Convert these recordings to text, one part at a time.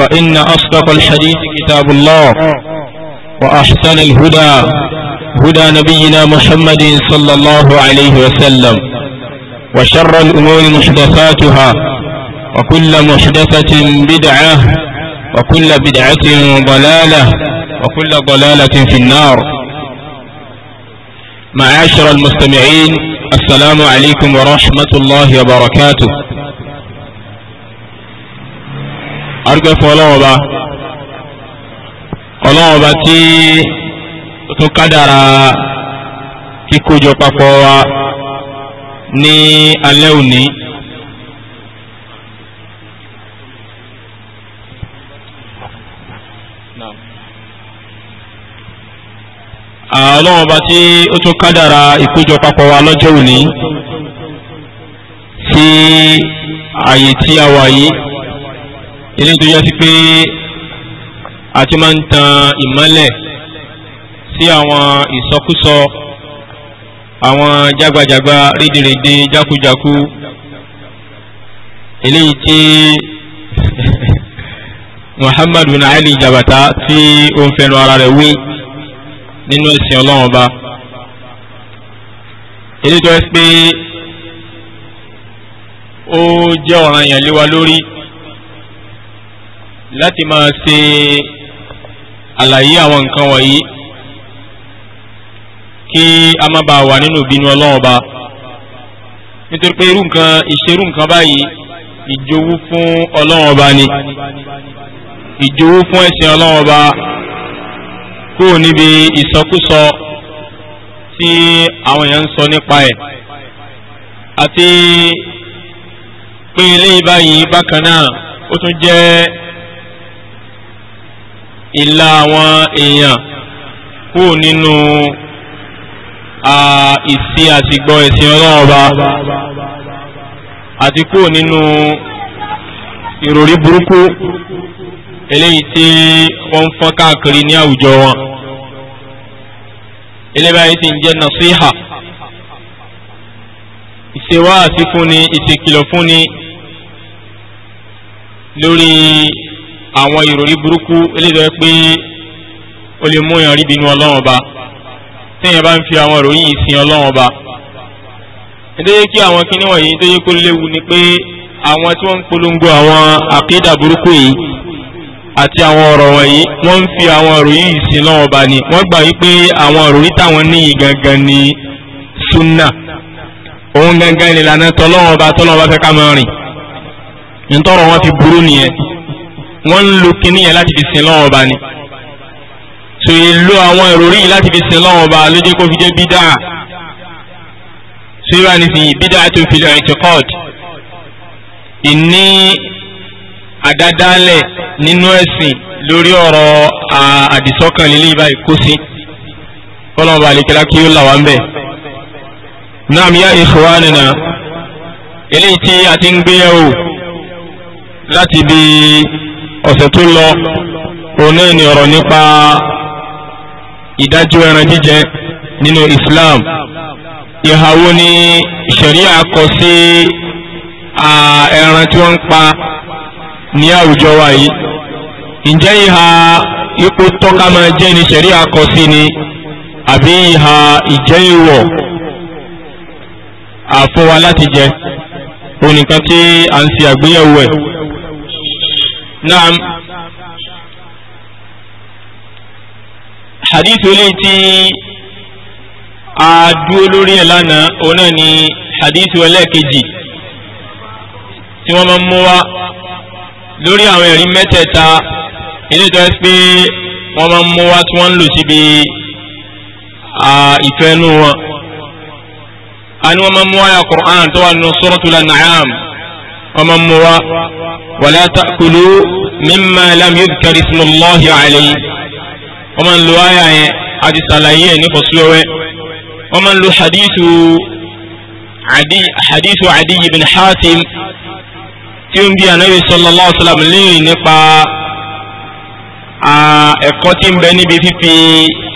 فإن أصدق الحديث كتاب الله وأحسن الهدى هدى نبينا محمد صلى الله عليه وسلم وشر الأمور محدثاتها وكل محدثة بدعة وكل بدعة ضلالة وكل ضلالة في النار معاشر المستمعين السلام عليكم ورحمة الله وبركاته arúgbó fún ọlọ́wọ́n ọba ọlọ́wọ́n ọba tí ó tún kádàrà kíkójọ papọ̀ wa ní alẹ́ òní. ọlọ́wọ́n ọba tí ó tún kádàrà ìkójọ papọ̀ wa lọ́jọ́ òní sí ààyè tí a wà yìí eléyìí tó yẹ sí pé a ti máa ń tan ìmọ́lẹ̀ sí àwọn ìsọkúsọ àwọn jágbajàgba rédèrèdè jákujàku eléyìí tí Muhammad bin Ali Jabata tí ó ń fẹnu ara rẹ̀ wí nínú ẹ̀sìn ọlọ́run ọba eléyìí tó yẹ sí pé ó jẹ́ ọ̀ranyàn lé lórí láti máa ṣe àlàyé àwọn nǹkan wọ̀nyí kí a má bàa wà nínú ìbínú ọlọ́run ọba nítorí pé irú nǹkan ìṣerú nǹkan báyìí ìjowú fún ọlọ́run ọba ni ìjowú fún ẹ̀sìn ọlọ́run ọba kúrò níbi ìsọkúsọ tí àwọn èèyàn ń sọ nípa ẹ̀ àti pé eléyìí báyìí bákan náà ó tún jẹ́ ìlà àwọn èèyàn kúrò nínú ìsí àtìgbọ́ ẹ̀sìn ọlọ́run ọba àti kúrò nínú ìròrí burúkú eléyìí tí wọ́n ń fọ́n káàkiri ní àwùjọ wọn eléyìí báyìí ti ń jẹ́ nasiha ìṣèwà àti fúnni ìṣèkìlọ̀ fúnni lórí àwọn ìròyìn burúkú eléyìí pé ó lè mú èèyàn rí bínú ọlọ́run ọba téèyàn bá ń fi àwọn ìròyìn yìí sin ọlọ́run ọba nítorí kí àwọn kíní wọ̀nyí nítorí kó léwu ni pé àwọn tí wọ́n ń polongo àwọn àkídà burúkú yìí àti àwọn ọ̀rọ̀ wọ̀nyí wọ́n ń fi àwọn ìròyìn yìí sin ọlọ́run ọba ni wọ́n gbà wípé àwọn ìròyìn táwọn níyì gangan ni sunna òun gangan ni ìlànà tọ́lọ́run ọba tọ́lọ́run ọba fẹ́ ká wọ́n ń lo kinní yẹn láti fi sin lọ́wọ́ ọba ni so èlò àwọn ìròrí yìí láti fi sin lọ́wọ́ ọba ló jẹ́ kó fi jẹ́ bídà so ìwà nísìnyí bídà tó fi lọ ìtìkọ́d ìní àdádálẹ̀ nínú ẹ̀sìn lórí ọ̀rọ̀ àdìsọ́kàn lílé ìbáyìí kó sí kọ́lọ́mọba àlekẹ́lá kí ó là wá ń bẹ̀. naam ya ikhwanina eléyìí tí a ti ń gbéyàwó láti bíi ọ̀sẹ̀ tó lọ òun náà ni ọ̀rọ̀ nípa ìdájọ́ ẹran jíjẹ nínú Islam ìhà ni ṣẹ̀ríà kọ sí ẹran tí wọ́n ń pa ní àwùjọ wa yìí ǹjẹ́ ìhà ipò tọ́ka máa jẹ́ ni ṣẹ̀ríà kọ sí ni àbí ìhà ìjẹ́ ìwọ̀ àfọwà láti jẹ onìkan tí à ń ṣe àgbéyẹ̀wò ẹ̀. نعم، حديث olè tí a dúró lórí ẹ̀ lánàá òun náà ni hadith ẹlẹ́ẹ̀kejì tí wọ́n máa ń mú wá lórí àwọn ẹ̀rí mẹ́tẹ̀ẹ̀ta ilé tó ẹ́ pé wọ́n máa ń mú wá tí wọ́n ń lò síbi ìfẹ́ nù wọn. a ní wọ́n máa ń mú wá ya Qur'an tó wà nínú Suratul An'am ọmọ mú wa wàlá ta'kulu mimma lam yudhkar ismullahi alayhi ọmọ ń lo àyà yẹn àti sàlàyé ẹ̀ nípa sílọ́wẹ́ ọmọ ń lo hadithu عدي حديث عدي بن حاتم تيوم بي النبي صلى الله عليه وسلم لي نقا ẹ̀kọ́ tí ń bẹ níbi fífi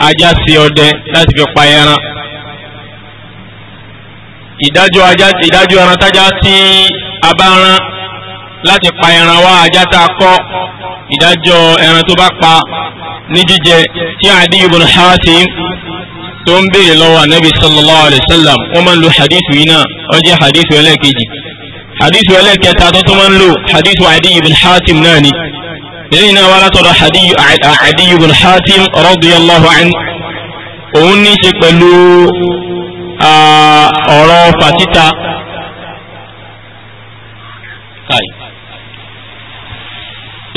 ajá sí ọdẹ láti fi pa ẹran ìdájọ́ ajá ìdájọ́ ẹran tájá tí abáràn láti pa ẹran wá ajá tá a kọ́ ìdájọ́ ẹran tó bá pa ní jíjẹ tí Adi ibn Hatim tó ń béèrè lọ́wọ́ anabi sallallahu alayhi wa sallam wọ́n máa ń lo hadith yìí náà ó jẹ́ hadith ẹlẹ́ẹ̀kejì hadith ẹlẹ́ẹ̀kẹta tó tún máa ń lo hadith Adi ibn Hatim náà ni lẹ́yìn náà wà látọ̀dọ̀ Adi ibn Hatim radiyallahu anhu òun ní í ṣe pẹ̀lú ah, ọ̀rọ̀ fàtítà.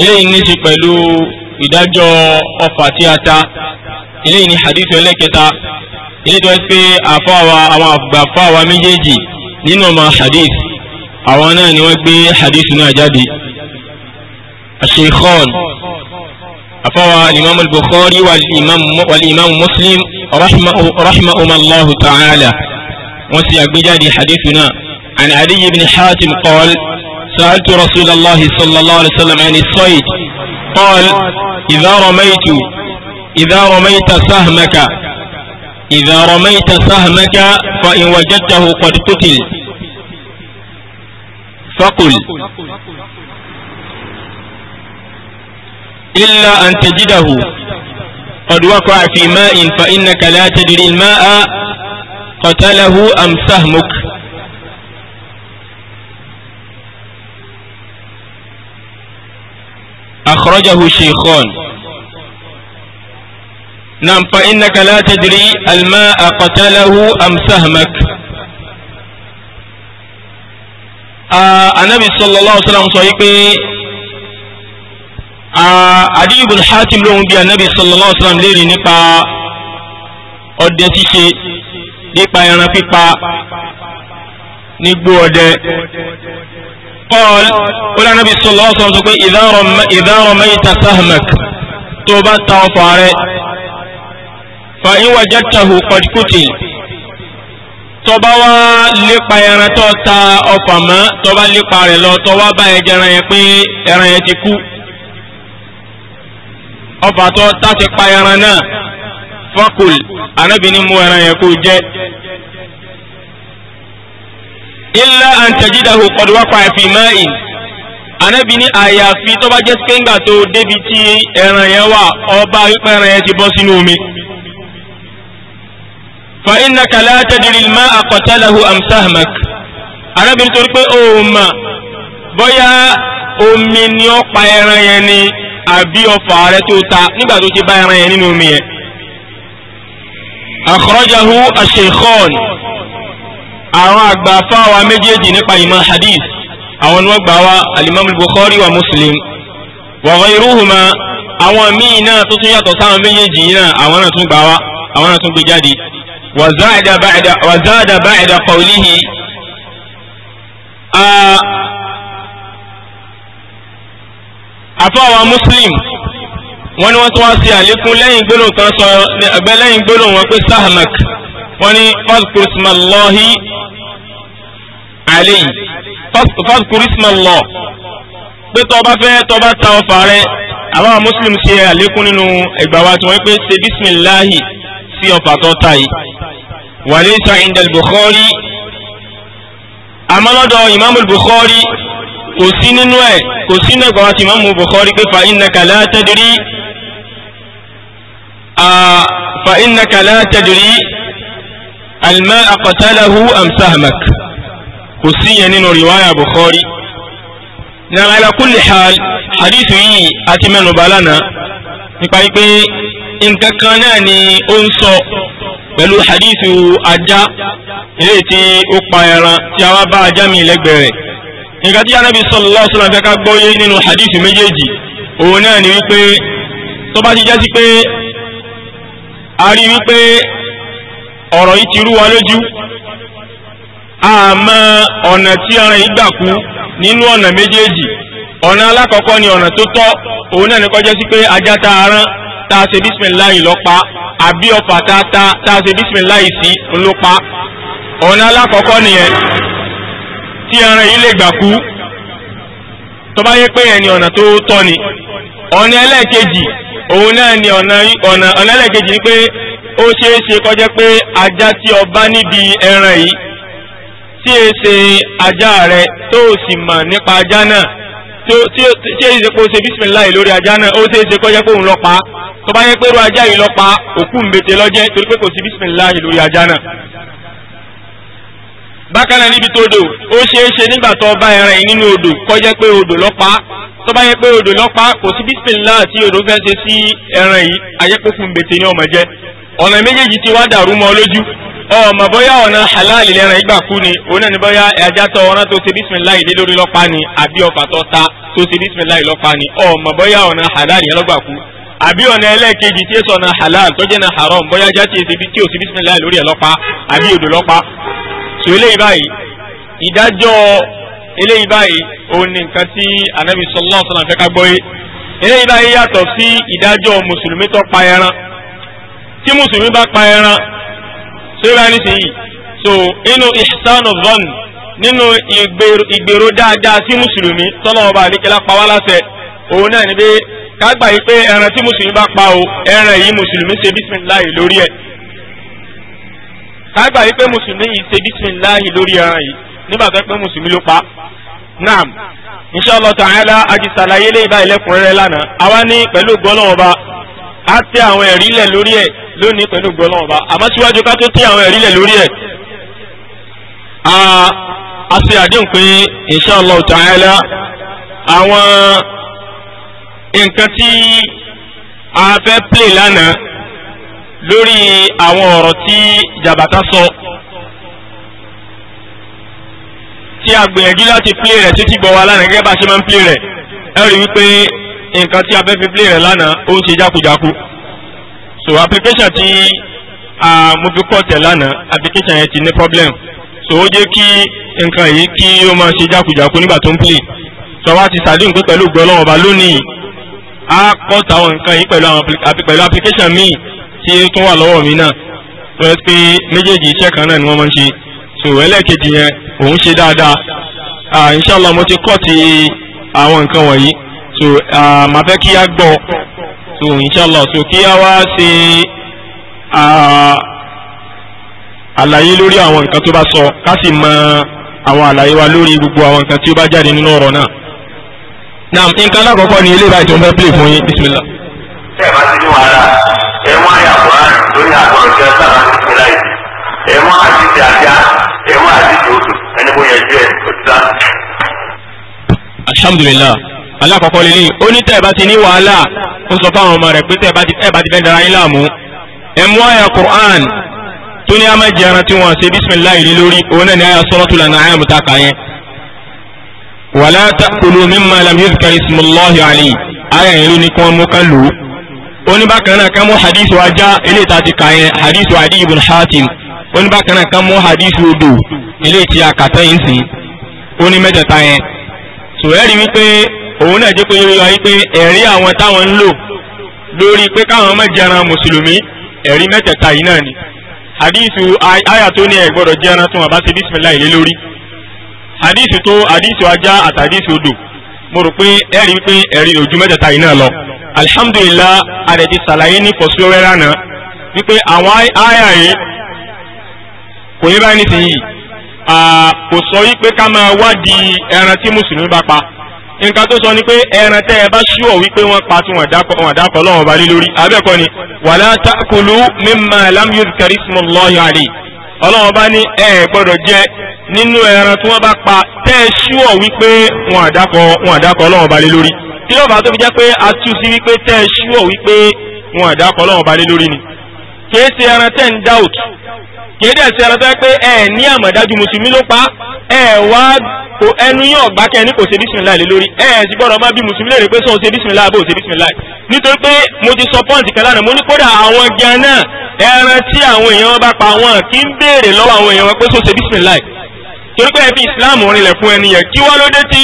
eléyìí ní ṣe pẹ̀lú ìdájọ́ ọfà tí a ta eléyìí ní hadith ẹlẹ́kẹta eléyìí tó ẹ pé àfáwa àwọn àgbàfáwa méjèèjì nínú ọmọ hadith àwọn náà ni wọ́n gbé hadith náà jáde asheikhan àfáwa imam al-bukhari wal imam muslim rahmahum allahu ta'ala wọ́n sì àgbéjáde hadith náà عن علي بن حاتم قال سألت رسول الله صلى الله عليه وسلم عن الصيد قال إذا رميت إذا رميت سهمك إذا رميت سهمك فإن وجدته قد قتل فقل إلا أن تجده قد وقع في ماء فإنك لا تدري الماء قتله أم سهمك أخرجه شيخان نعم فإنك لا تدري الماء قتله أم سهمك النبي صلى الله عليه وسلم صحيح آه عدي بن حاتم لهم بي النبي صلى الله عليه وسلم ليري نقا ọdẹ ṣíṣe nípa ẹran pípa nígbó قال قال النبي صلى الله عليه وسلم إذا, رم إذا رميت سهمك توبت وفاري فإن وجدته قد قتل tọba wá lépa ẹran tó ta ọfà mọ́ tọba lépa rẹ̀ lọ tọwa bá ẹjẹ ẹran yẹn pé ẹran yẹn ti kú ọfà tó ta ti pa ẹran náà fọkùl anábìíní mú ẹran yẹn kó jẹ illa an tajidahu qad waqa'a fi ma'in anabi ní àyàfi tó bá jẹ́ skéńgà tó débi tí ẹran yẹn wà ọba wípé ẹran yẹn ti bọ́ sínú omi. fa innaka la tadri al-ma'a qatalahu am sahmak anabi nítorí pé ó mà omi ni ó pa ẹran yẹn ni àbí ọfà rẹ tó ta nígbà tó ti bá ẹran yẹn nínú omi yẹn. akhrajahu ash-shaykhan àwọn àgbà fáwa méjèèjì nípa ìmọ̀ hadith àwọn ni wọ́n gbà wá alimami bukhari wa muslim wa ghayruhuma àwọn míì náà tó tún yàtọ̀ sáwọn méjèèjì náà àwọn náà tún gbà wá àwọn náà tún gbé jáde wa zaada ba'da wa zaada ba'da qawlihi muslim wọ́n ní wọ́n tún wá sí àlékún lẹ́yìn gbólóhùn kan sọ lẹ́yìn gbólóhùn wọn pé sahmak wọ́n ní fọ́sùkúrísímọ́lọ́hì àlẹ́yìn fọ́sùkúrísímọ́lọ́ pé tọba fẹ́ tọba ta ọfà rẹ àwọn muslim ṣe àlékún nínú ẹgbà wa tí wọ́n pé ṣe bísmìláhì sí ọfà tó ta yìí wà ní sọ indal bukhari ìmáàmù bukhari kò sí nínú ẹ̀ kò sí nínú ẹgbà wa tí ìmáàmù bukhari pé fa innaka la tadri الماء قتله amsahmak kò sí yẹn nínú riwaya bukhari na ala kulli hal hadith yìí àti mẹ́nubà lánàá nípa wípé nǹkan kan náà ni ó ń sọ pẹ̀lú hadithu ajá eléyìí tí ó pa ẹran tí a wá bá ajá mi lẹ́gbẹ̀ẹ́ nǹkan tí anábì sallallahu alaihi wasallam fẹ́ ká gbọ́yé nínú hadithu méjèèjì òun náà ni wípé tó ti jẹ́ pé a rí wípé ọ̀rọ̀ yìí ti rú wa lójú àmọ́ ọ̀nà tí ara yìí gbà kú nínú ọ̀nà méjèèjì ọ̀nà alákọ̀ọ́kọ́ ni ọ̀nà tó tọ́ òun náà ní kọjá sí pé ajá tá a ṣe lọ pa àbí ọ̀fà tá a ta tá a ṣe bísímìláì sí pa ọ̀nà alákọ̀ọ́kọ́ nìyẹn tí ara yìí lè gbà kú ni ọ̀nà tó tọ́ ni òun náà ni ọ̀nà ọ̀nàlẹ́kejì ni pé ó ṣeé ṣe kọjá pé ajá tí o bá níbi ẹran yìí tí e ṣe ajá rẹ tó o sì mọ̀ nípa ajá náà tí e ṣe pé o ṣe bísímìláì lórí ajá náà ó ṣeé ṣe kọjá pé òun lọ pa tó bá yẹ pé irú ajá yìí lọ pa òkú mbete lọ́jẹ́ torí pé kò sí bísímìláì lórí ajá náà. bákan náà níbi tó dò ó ṣeé ṣe nígbà tó o ẹran yìí nínú odò kọjá pé odò lọ pa tó bá yẹ pé odò lọ́pa kò sí bismillah tí odò fẹ́ ṣe sí ẹran yìí ayẹ́pẹ́ fún bètè ní ọmọ jẹ́ ọ̀nà méjèèjì ti wá dàrú mọ́ lójú ọmọ bóyá ọ̀nà halal lẹ́ran ìgbà kú ni òun náà ni bóyá ẹja tó ọ̀nà tó ṣe bismillah ilé lórí lọ́pa ni àbí ọfà tó ta tó ṣe bismillah lọ́pa ni ọmọ bóyá ọ̀nà halal yẹn lọ́gbà kú àbí ọ̀nà ẹlẹ́ẹ̀kejì tí èso ọ̀nà halal tó jẹ́ na haram bóyá ajá tí ò sí bismillah lórí ẹ̀ lọ́pa àbí odò lọ́pa. sọ eléyìí báyìí ìdájọ́ eléyìí báyìí òun ni nǹkan tí anabi sallallahu alaihi wasallam fẹ́ ká gbọ́ yé eléyìí báyìí yàtọ̀ sí ìdájọ́ mùsùlùmí tó pa ẹran tí mùsùlùmí bá pa ẹran tó bá ní sèyí so inú ihsanu zan nínú ìgbèrò dáadáa sí mùsùlùmí tọ́lọ́wọ́ bá àdékẹ́lá pa wá láṣẹ òun náà ni pé ká gbà pé ẹran tí mùsùlùmí bá pa o ẹran yìí mùsùlùmí ṣe bísímìláì lórí ẹ̀ nígbà tó pé mùsùlùmí ló pa naam inshallah ta'ala àti sàlàyé lè bá ilẹ̀kùnrẹ́rẹ́ lánàá àwa ní pẹ̀lú gbọ́lọ́wọ́ba á tẹ àwọn ẹ̀rí lẹ̀ lórí ẹ̀ lónìí pẹ̀lú gbọ́lọ́wọ́ba àmọ́ síwájú ká tó tẹ àwọn ẹ̀rí lẹ̀ lórí ẹ̀ a ṣe àdéhùn pé inshallah ta'ala àwọn nǹkan tí a fẹ́ play lánàá lórí àwọn ọ̀rọ̀ tí jàbàtà sọ. So tí a gbìyànjú láti play rẹ̀ títí gbọ́ wa lánàá gẹ́gẹ́ bá a ṣe máa ń play rẹ̀ ẹ rí wípé nǹkan tí a fẹ́ fi play rẹ̀ lánàá ó ń ṣe jákujáku so application tí mo fi kọ́ tẹ̀ lánàá application yẹn ti ní problem so ó jẹ́ kí nǹkan yìí kí ó máa ṣe jákujáku nígbà tó ń play so wá ti sàdéhùn pé pẹ̀lú gbọ́ lọ́wọ́ lónìí a kọ́ táwọn nǹkan yìí pẹ̀lú application míì tí tún wà lọ́wọ́ mi náà tó yẹ pé méjèèjì iṣẹ́ kan náà ni wọ́n máa ń ṣe so ẹlẹ́ẹ̀kejì yẹn òun ṣe dáadáa ah inshallah mo ti kọ́ ti àwọn nǹkan wọ̀nyí so ah màá fẹ́ kí a gbọ́ so inshallah so kí a wá ṣe ah àlàyé lórí àwọn nǹkan tó bá sọ ká sì mọ àwọn àlàyé wa lórí gbogbo àwọn nǹkan tí ó bá jáde nínú ọ̀rọ̀ náà naam nǹkan lákọ̀ọ́kọ́ ni ilé ìbáyìí tó ń fẹ́ pè fún yín bismillah. ẹ má ti ní wàhálà ẹ mú àyàkùnrin lórí àgbọ̀rọ̀ sábà ń pè láì ẹ mú àti ti àjá ẹ̀wọ́ àdìsí oṣù ẹni bó yẹn jẹ́ òtítà. alhamdulillah alákọ̀ọ́kọ́ lélẹ̀ ó ní tẹ́ẹ̀ bá ti ní wàhálà ó sọ fáwọn ọmọ rẹ̀ pé tẹ́ẹ̀ bá ti fẹ́ dara yín láàmú ẹ̀ mú àyà Qur'an tó ní àmà jẹran tí wọ́n ṣe bisimilayi lé lórí òun náà ní àyà Suratul An'am tá a yẹn. wàlá ta'kulu mimma lam yuzkar ismullahi alayhi àyà yẹn ló ní kí wọ́n mú ká lò ó. ó náà ká mú hadith wa eléyìí tá a ti kà yẹn hadith wa Adi ibn ó ní bákan náà kan mú hadith odò ilé tí a kàtọ́ yìí sìn ó ní mẹ́tẹ̀ẹ̀ta yẹn sòwẹ́rì wípé òun náà jẹ́ pé yóò yọ wípé ẹ̀rí àwọn táwọn ń lò lórí pé káwọn má jẹran mùsùlùmí ẹ̀rí mẹ́tẹ̀ẹ̀ta yìí náà ni hadithu aya tó ní ẹ̀ gbọ́dọ̀ jẹran tó wọn bá ti bísímìlá ìlé lórí hadithu tó hadithu ajá àti hadithu odò mo rò pé ẹ̀rí wípé ẹ̀rí ojú mẹ́tẹ̀ẹ̀ta yìí náà lọ alhamdulillah àdẹ̀tí sàlàyé ní kọ̀síwẹ́rẹ́ lánàá wípé àwọn aya kò yẹ báyìí nísìnyí kò sọ wípé ká máa wádìí ẹran tí mùsùlùmí bá pa nǹkan tó sọ ni pé ẹran tẹ́ ẹ bá ṣúọ̀ wípé wọ́n pa tí wọ́n dákọ̀ lọ́wọ́ ba lórí abẹ́ẹ̀kọ́ ni wàlá takulu mimma lam yudhkar ismullahi alayhi ọlọ́wọ́n bá ní ẹ gbọ́dọ̀ jẹ nínú ẹran tí wọ́n bá pa tẹ́ ẹ ṣúọ̀ wípé wọ́n àdákọ̀ wọ́n àdákọ̀ lọ́wọ́ ba lé lórí tí yóò bá tó fi jẹ́ pé a tú sí wípé tẹ́ ẹ ṣúọ̀ wípé wọ́n àdákọ̀ lọ́wọ́ ba lórí ni kèé ṣe ẹran tẹ́ ń dáùtù kéde ẹ̀sẹ̀ ara fẹ́ pé ẹ ní àmọ̀dájú mùsùlùmí ló pa ẹ wá kò ẹnu yín ọ̀gbá kẹni kò ṣe bísìmìlá lé lórí ẹ ẹ̀ sì gbọ́dọ̀ má bí mùsùlùmí lè rí pé sóun ṣe bísìmìlá àbò ṣe bísìmìlá nítorí pé mo ti sọ pọ́ǹtì kan lánàá mo ní kódà àwọn gan náà ẹran tí àwọn èèyàn bá pa wọn kì í béèrè lọ́wọ́ àwọn èèyàn wọn pé sóun ṣe bísìmìlá torí pé ẹbí islam rinlẹ̀ fún ẹni yẹn kí wá ló dé tí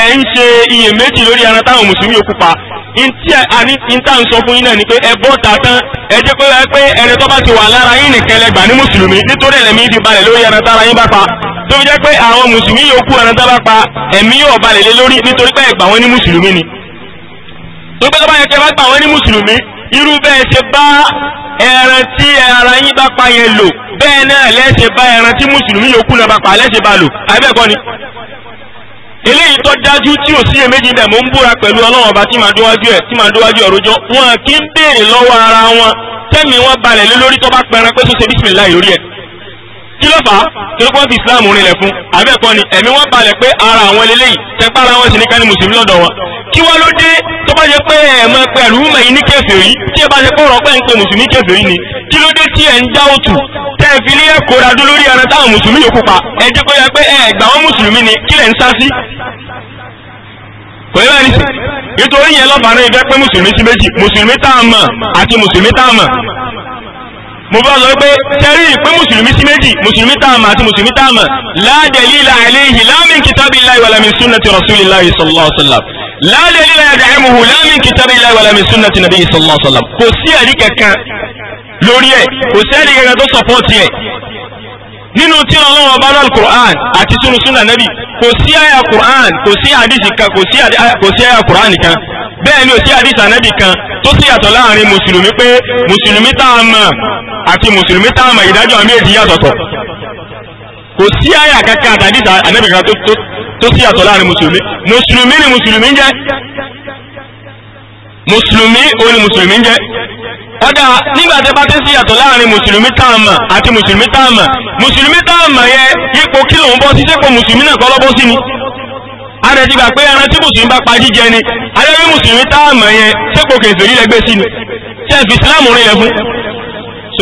ẹ ń ṣe iyèméjì lórí ara táwọn mùsùlùmí yòókù pa níta ń sọ fún yín náà ni pé ẹ bọ́ ta tán ẹ jẹ́ pé ẹ pé ẹni tó bá ti wà lára yín nìkan lẹ́gbàá ní mùsùlùmí nítorí ẹ̀lẹ́mí ti balẹ̀ lórí ẹran tára yín bá pa tó fi jẹ́ pé àwọn mùsùlùmí yòókù ẹran tá pa ẹ̀mí yóò balẹ̀ lé lórí nítorí pé ẹ̀gbà ni. tó gbé tó bá yẹ kí ẹ bá irú bẹ́ẹ̀ ṣe bá ẹran tí ara yín bá pa yẹn lò bẹ́ẹ̀ náà lẹ́sẹ̀ bá ẹran tí mùsùlùmí yòókù náà bá pa lẹ́sẹ̀ bá lò àbẹ́ẹ̀kọ́ ni eléyìí tó dájú tí ò sí èméjì dẹ̀ mò ń búra pẹ̀lú ọlọ́run ọba tí màá dúwájú ẹ̀ tí màá dúwájú ọ̀rọ̀jọ́ wọn kì í béèrè lọ́wọ́ ara wọn tẹ́mi wọn balẹ̀ lé lórí tó bá pẹran pé tó ṣe bísímìlá kí ló fà á torí pé wọ́n fi islam rinlẹ̀ fún abẹ́ẹ̀kọ́ ni ẹ̀mí wọn balẹ̀ pé ara àwọn eléyìí tẹpá ara wọn sì ní kání mùsùlùmí lọ́dọ̀ wọn kí wọ́n ló dé tó bá jẹ́ pé ẹ̀mọ pẹ̀lú mẹ̀yìn ní kèfèrí tí ẹ bá jẹ́ pé ọ̀rọ̀ pẹ̀ ń pe mùsùlùmí kèfèrí ni kí ló dé tí ẹ̀ ń já òtù tẹ́ ẹ fi ní ẹ̀kọ́ radú lórí ẹran táwọn mùsùlùmí yòókù pa ẹ jẹ́ kó yẹ pé ẹ gbà wọ́n mùsùlùmí ni kí lẹ̀ ń sá sí kò ní báyìí sí nítorí yẹn lọ́bàárín ìfẹ́ pé mùsùlùmí sí méjì mùsùlùmí tá a mọ̀ àti mùsùlùmí tá a mọ̀ mo bá sọ pé tẹ́rí pé mùsùlùmí sí méjì mùsùlùmí táàmà àti mùsùlùmí táàmà la dalila alayhi la min kitabillahi wala min sunnati rasulillahi sallallahu alaihi wasallam la dalila yad'imuhu la min kitabillahi wala min sunnati nabiyyi sallallahu alaihi wasallam kò sí ẹ̀rí kankan lórí ẹ̀ kò sí ẹ̀rí kankan tó sọ̀pọ̀tì ẹ̀ nínú tí ọlọ́wọ́ bá lọ́l quran àti sunu sunna nabi kò sí àyà quran kò sí hadith kan kò sí àyà quran kan bẹ́ẹ̀ ni ò sí hadith anabi kan tó sì yàtọ̀ láàrin mùsùlùmí pé mùsùlùmí tá a mọ̀ àti mùsùlùmí tá a mọ̀ ìdájọ́ àmì èjì yàtọ̀tọ̀ kò sí àyà kankan àti hadith anabi kan tó sì yàtọ̀ láàrin mùsùlùmí mùsùlùmí ni mùsùlùmí jẹ́ mùsùlùmí òun ni mùsùlùmí jẹ́ ọ̀dà nígbà tí bá ti sí yàtọ̀ láàrin mùsùlùmí táàmà àti mùsùlùmí táàmà mùsùlùmí táàmà yẹ ipò kí lòun bọ́ sí sépò mùsùlùmí náà kọ́ lọ́bọ́ sí ni ààrẹ ti gbà pé ẹran tí mùsùlùmí bá pa jíjẹ ni ààrẹ rí mùsùlùmí táàmà yẹ sépò kèfèrí lẹ́gbẹ́ sí ni ṣe fi ìsìlámù rin lẹ́fún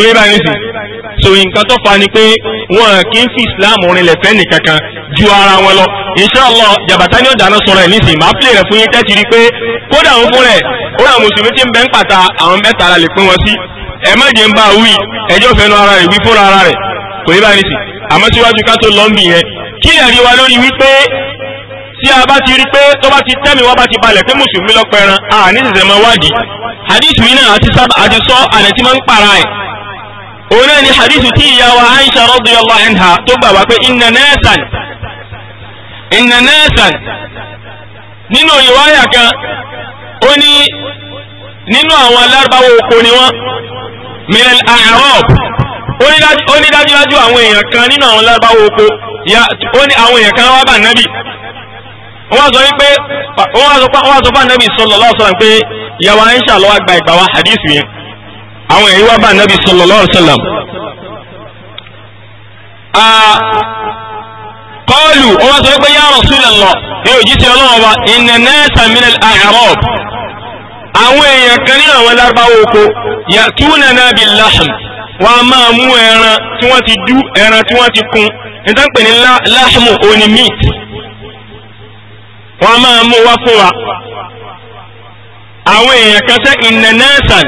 tó yẹ báyìí sì so nǹkan tó fa ni pé wọn kì í fi islam rinlẹ̀ fẹ́ni kankan ju ara wọn lọ inshallah jabata ni ó dáná sọ̀rọ̀ ẹ̀ nísìnyí máa pèlè rẹ̀ fún yín tẹ́tì rí pé kódà òun fún rẹ̀ kódà mùsùlùmí ti ń bẹ́ ń pàtà àwọn mẹ́ta ara lè pín wọn sí ẹ má jẹ́ ń bá wí ẹjọ́ fẹ́nu ara rẹ̀ wí fúnra ara rẹ̀ kò yẹ báyìí sì àmọ́ síwájú ká tó lọ́ńbì yẹn kí ẹ̀rí wa lórí wípé tí a bá ti rí pé tó bá ti tẹ́mi wá bá ti balẹ̀ pé mùsùlùmí lọ́pẹ̀ẹ́ran àní ṣẹ̀ṣẹ̀ máa wádìí hadith mi náà àti sọ àdẹ̀tí máa ń pààrà ẹ̀ òun náà ni hadithu tí ìyá wa Aisha radiyallahu anha tó gbà wá pé inna nasan inna nasan nínú ìwáyà kan ó ní nínú àwọn alárúbáwò oko ni wọ́n minal a'rab ó ní dájúdájú àwọn èèyàn kan nínú àwọn alárúbáwò oko ó ní àwọn èèyàn kan wá bá nábì wọ́n sọ wípé wọ́n sọ fún ànábì sallallahu alaihi wasallam pé ìyá wa Aisha ló wá gba ìgbà wa hadithu yẹn àwọn èyí wá bá nabi sallallahu alaihi wasallam kọlù ọwọ́ sọ pé ya Rasulullah ní òjíṣẹ́ ọlọ́wọ́ wa inna nasa minal a'rab àwọn èèyàn kan ní àwọn lárúbáwò oko ya'tunana bil lahm wọn a máa mú ẹran tí wọ́n ti dú ẹran tí wọ́n ti kun níta ń pè ní lahmu oní meat wọn máa mú wá fún wa àwọn èèyàn kan sẹ́ ìnẹ̀nẹ́sàn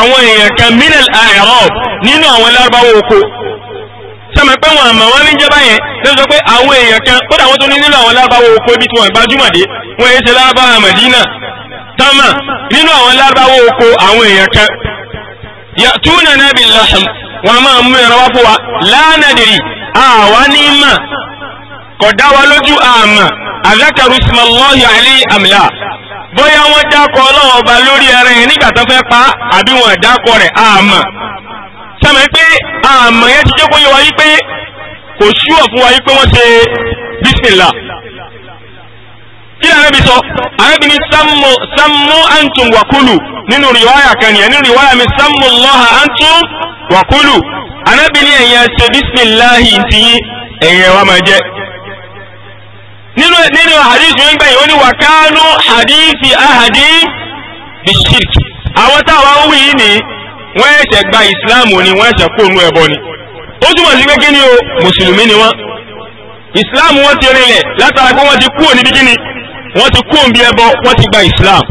àwọn èèyàn kan minal a'rab nínú àwọn lárúbáwò oko sọmọ pé wọn àmọ́ wọn níjọba yẹn ló sọ pé àwọn èèyàn kan kódà wọn tó ní nínú àwọn lárúbáwò oko ibi tí wọn gbajúmọ̀ dé wọn èyí ṣe lárúbáwò Madina tọ́mà nínú àwọn lárúbáwò oko àwọn èèyàn kan ya'tunana bil lahm wọn a máa mú ẹran wá fún wa la nadri àwa ní mà kọ̀dá wa lójú àmà àzákàrú ismallahi alayhi amla bóyá wọ́n dákọ̀ ọlọ́run ọba lórí ẹran yẹn nígbà tó fẹ́ pa àbí wọn dákọ̀ rẹ̀ àmà sọmọ pé àmà yẹn ti jókòó yẹ wáyé pé kò ṣúọ̀ fún wáyé pé wọ́n ṣe bísìnlá kí arábi sọ arábi ni sammu sammu antum wakulu nínú rìwáyà kan yẹn nínú rìwáyà mi sammu allaha antum wakulu arábi ni ẹ̀yà ṣe bísìnláhi ti yín ẹ̀yà wa máa jẹ́ nínú nínú hadith mi gbẹ̀yìn ó ní wàkánú hadithi ahadi bishirk àwọn táwa ń wí ní wọ́n ẹ̀ṣẹ̀ gba ìsìláàmù ni wọ́n ẹ̀ṣẹ̀ kó nú ẹbọ ni ó túmọ̀ sí pé kí ni o mùsùlùmí ni wọ́n ìsìláàmù wọn ti rinlẹ̀ látara pé wọ́n ti kúrò níbi kí ni ti kúrò níbi ẹbọ wọ́n ti gba ìsìláàmù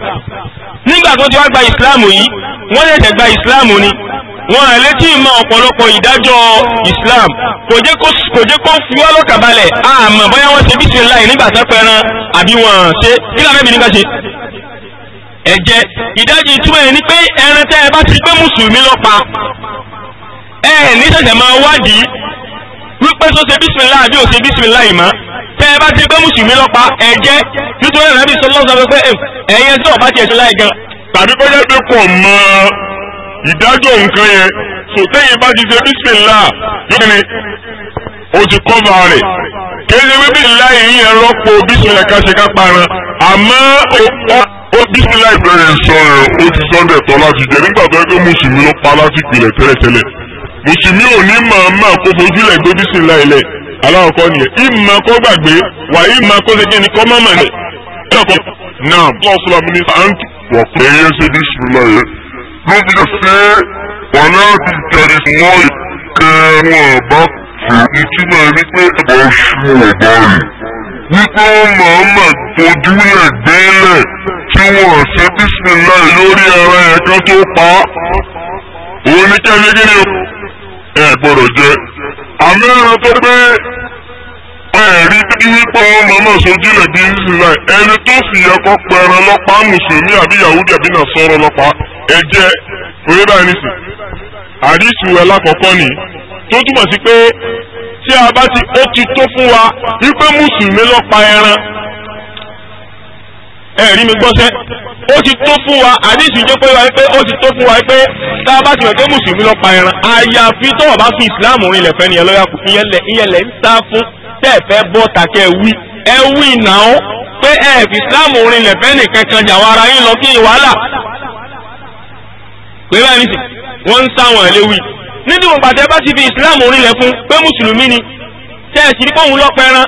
nígbà tó ti wá gba ìsìláàmù yìí wọ́n ẹ̀ṣẹ̀ gba ìsìláàmù ni wọn àlẹ́ tí ì mọ ọ̀pọ̀lọpọ̀ ìdájọ́ Islam kò jẹ́ kó fi wá lọ́kàbalẹ̀ àmọ́ bóyá wọ́n ṣe bísíláì nígbà tó pẹran àbí wọn ṣe kí làbẹ́ mi nígbà ṣe. ẹ̀jẹ̀ ìdájọ́ ìtumọ̀ ẹ̀ ni pé ẹran tẹ́ ẹ bá ti gbé mùsùlùmí lọ pa ẹ ní ṣẹ̀ṣẹ̀ máa wádìí wípé tó ṣe bísíláì àbí ò ṣe bísíláì mọ́ tẹ́ ẹ bá ti gbé mùsùlùmí lọ ẹ̀jẹ̀ nítorí ẹ̀rọ ìdájọ́ nǹkan yẹn so tẹ́yìn bá ti ṣe bísímìlá yóò ní o ti kọ́va rẹ̀ kéde wípé láì ní ẹ̀rọ po bísímìlá káṣe ká parun àmọ́ ó bísímìlá ìbẹ̀rẹ̀ sọ ẹ̀ ó ti sọ́ndẹ̀ tọ́ láti jẹ nígbà tó yẹ pé mùsùlùmí ló pa láti pìlẹ̀ tẹ́lẹ̀tẹ́lẹ̀ mùsùlùmí ò ní màmá kó fojúlẹ̀ gbé bísímìlá ilẹ̀ aláwọ̀ kọ́ nìyẹn ìmọ̀ kó gbàgbé wà ìmọ̀ kó ṣe kí ni kọ́ mọ́mọ́ rẹ̀. náà bọ́ọ̀sùlámù ní sáńtì wọ̀ pé yẹn ṣe bísímìlá yẹn níbi tó fẹ́ wọn láti tẹ̀lé wọn kẹ wọn bá fò ìtumọ̀ ẹni pé ẹ̀bọ̀ ṣù ọ̀bọ̀ rẹ̀ wípé wọn máa mà fojú rẹ̀ gbélẹ̀ tí wọn ṣe bísímìlá lórí ara ẹ̀ kan tó pa á òun ní kẹ́lẹ́ kí ni ẹ gbọ́dọ̀ jẹ àmì ẹ̀rọ tó gbé ẹ̀rí bí wípé wọn màmá sojú rẹ̀ bí sísìlá ẹni tó sì yẹ kó pẹ̀rẹ̀ lọ́pàá mùsùlùmí àbí yahudi àbí nàṣọ́rọ̀ lọ́pàá ẹ̀jẹ̀ òye báyìí nìsín àdìsù ẹlákọ̀ọ́kọ́ ni tó túmọ̀ sí pé tí a bá ti ó ti tó fún wa wípé mùsùlùmí lọ pa ẹran ẹ̀rí mi gbọ́sẹ́ ó ti tó fún wa àdìsù jẹ́ pé wáyé pé ó ti tó fún wa pé tá a bá ti mọ̀ pé mùsùlùmí lọ pa ẹran àyàfi tọ́wọ̀ bá fi ìsìláàmù orin ilẹ̀fẹ́ ni ẹlọ́yà kù ìyẹlẹ̀ ń sá fún tẹ́ẹ̀fẹ́ bọ́ tàkẹ́ wí ẹ wí náà pé ẹ̀ẹ̀fì ìsìláàmù orin ilẹ̀fẹ́ nìkan kan jà wàrà yín lọ kí ìwàhálà pé báyìí nìsí wọ́n ń sáwọn ẹlẹ́wì nídìí wọn pàtẹ́ bá ti fi ìsìláàmù orílẹ̀ fún pé mùsùlùmí ni tẹ́ ẹ̀ sì ní kóhun lọ́pẹ́ran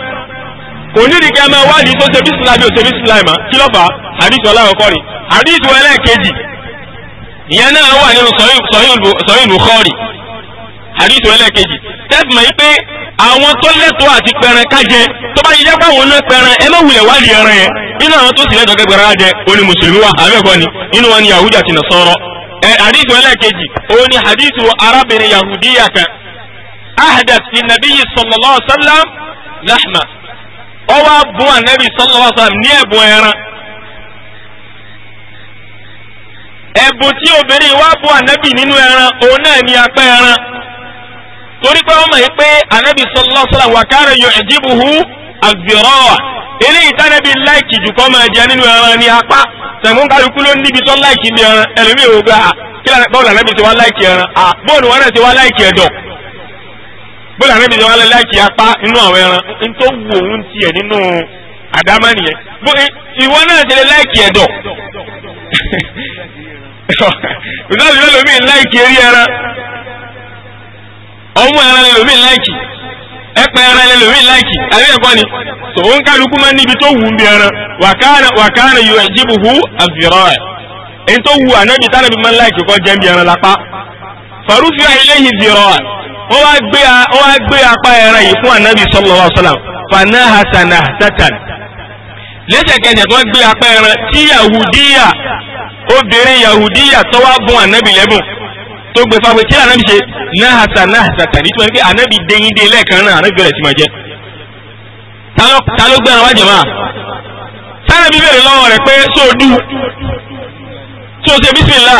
kò nídìí kẹ́ máa wádìí tó ṣe bísílá bí ó ṣe bísílá ìmọ̀ kí ló fà á àdìsí ọlọ́run kọ́rì àdìsí ẹlẹ́ẹ̀kejì ìyẹn náà wà nínú sọ̀yìn bùkọ́rì àdìsí ẹlẹ́ẹ̀kejì tẹ́sí mọ̀ pé àwọn tó lẹ́tọ̀ọ́ àti pẹran kájẹ tó bá yíyá fáwọn náà pẹran ẹ má wulẹ̀ wádìí ẹran yẹn nínú àwọn tó sì lẹ́tọ̀ọ́ kẹ́gbẹ̀rẹ́ kájẹ oní wà àbẹ́ẹ̀kọ́ ni nínú wọn ni Yahudi Eh, hadith ẹlẹ́kejì òun ni hadithu arábìnrin yahudiya kan ahdat fi nabiyyi sallallahu alaihi wa sallam lahma ọwọ́ abun anabi sallallahu alaihi wa sallam ní ẹ̀bùn ẹran ẹ̀bùn tí obìnrin wa bu anabi nínú ẹran òun náà ni apẹ́ ẹran torí pé wọ́n mọ̀ yìí anabi sallallahu alaihi wa sallam wà alvirawa eléyìí tánẹ́bí láìkì jù kọ́ máa jẹ nínú ẹran ní apá tẹ̀gbọ́n kálukú ló níbi tó láìkì ní ẹran ẹlòmíì ò gbà kí bọ́ọ̀lù ànábì ti wá láìkì ẹran bọ́ọ̀lù wọn náà ti wá láìkì ẹ̀dọ̀ bọ́ọ̀lù ànábì ti wá láìkì apá nínú àwọn ẹran n tó wù òun tiẹ̀ nínú nìyẹn ìwọ náà ti lè láìkì ẹ̀dọ̀ láìkì eré ẹran ẹran láìkì ẹ̀pẹ̀ ẹran lẹ́lòmíì láìkì àbí ẹ̀kọ́ ni tó ń kálukú máa níbi tó wù ú bí ẹran wàkánà yóò ẹ̀jíbù hu àfihàn ẹ̀ èyí tó wù ànábì tánàbí máa láìkì kọ́ jẹ́ bí ẹran lápá farufi àìlẹ́yìn zìrọ̀ à wọ́n wá gbé apá ẹran yìí fún ànábì sallallahu alaihi wasallam fanahasana tatan lẹ́sẹ̀kẹsẹ̀ tó gbé apá ẹran tí yahudiya obìnrin yahudiya tó wá bùn ànábì lẹ́bùn tó gbé fáwọn kí ànábì ṣe náhàtà náhàtà tàbí tí wọ́n pé ànábì déyìn dé lẹ́ẹ̀kan náà ànábì bẹ̀rẹ̀ sí máa jẹ. ta ló gbé àwọn àjẹmọ́ sáré bí bèrè lọ́wọ́ rẹ̀ pé sóòdù tó ṣe bísímìlá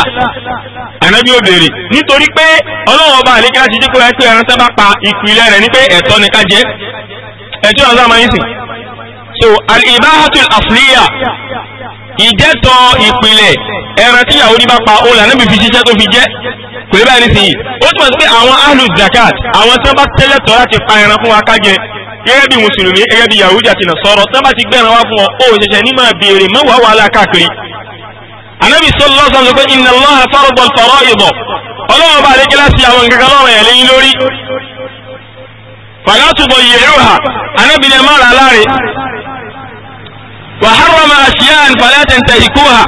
ànábì ó bèrè nítorí pé ọlọ́wọ́ ọba àlékà ti dípò ẹ pé ẹran tá bá pa ìpìlẹ̀ rẹ̀ ní pé ẹ̀tọ́ ni ká jẹ ẹ̀tọ́ ọ̀sán máa ń sìn so al-ibahatul asliya ìjẹ́tọ̀ ìpìlẹ̀ ẹran tíyàwó ní bá pa ó là níbi fi ṣiṣẹ́ tó fi jẹ́ kò lè báyìí nísìnyí ó túmọ̀ sí pé àwọn ahlu zakat àwọn tí wọ́n bá tẹ́lẹ̀ tọ́ láti pa ẹran fún wa ká jẹ gẹ́gẹ́ bí mùsùlùmí gẹ́gẹ́ bí yahudi àti nasọ́rọ̀ tí wọ́n bá ti gbẹ̀ràn wá fún wọn ó ṣẹ̀ṣẹ̀ ní máa béèrè mọ́wàá wàhálà káàkiri. anabi sallallahu alaihi wasallam pé inna Allaha farada al-fara'id ọlọ́wọ́n bá àdékẹ́lá sí àwọn nǹkan kan lọ́rọ̀ yẹn lẹ́yìn lórí. fàlátùbọ̀ yẹ̀rọ̀ hà anabi wà hárọ̀mà àṣìyàn fàlẹ́tẹ̀ntẹ̀ ikú ha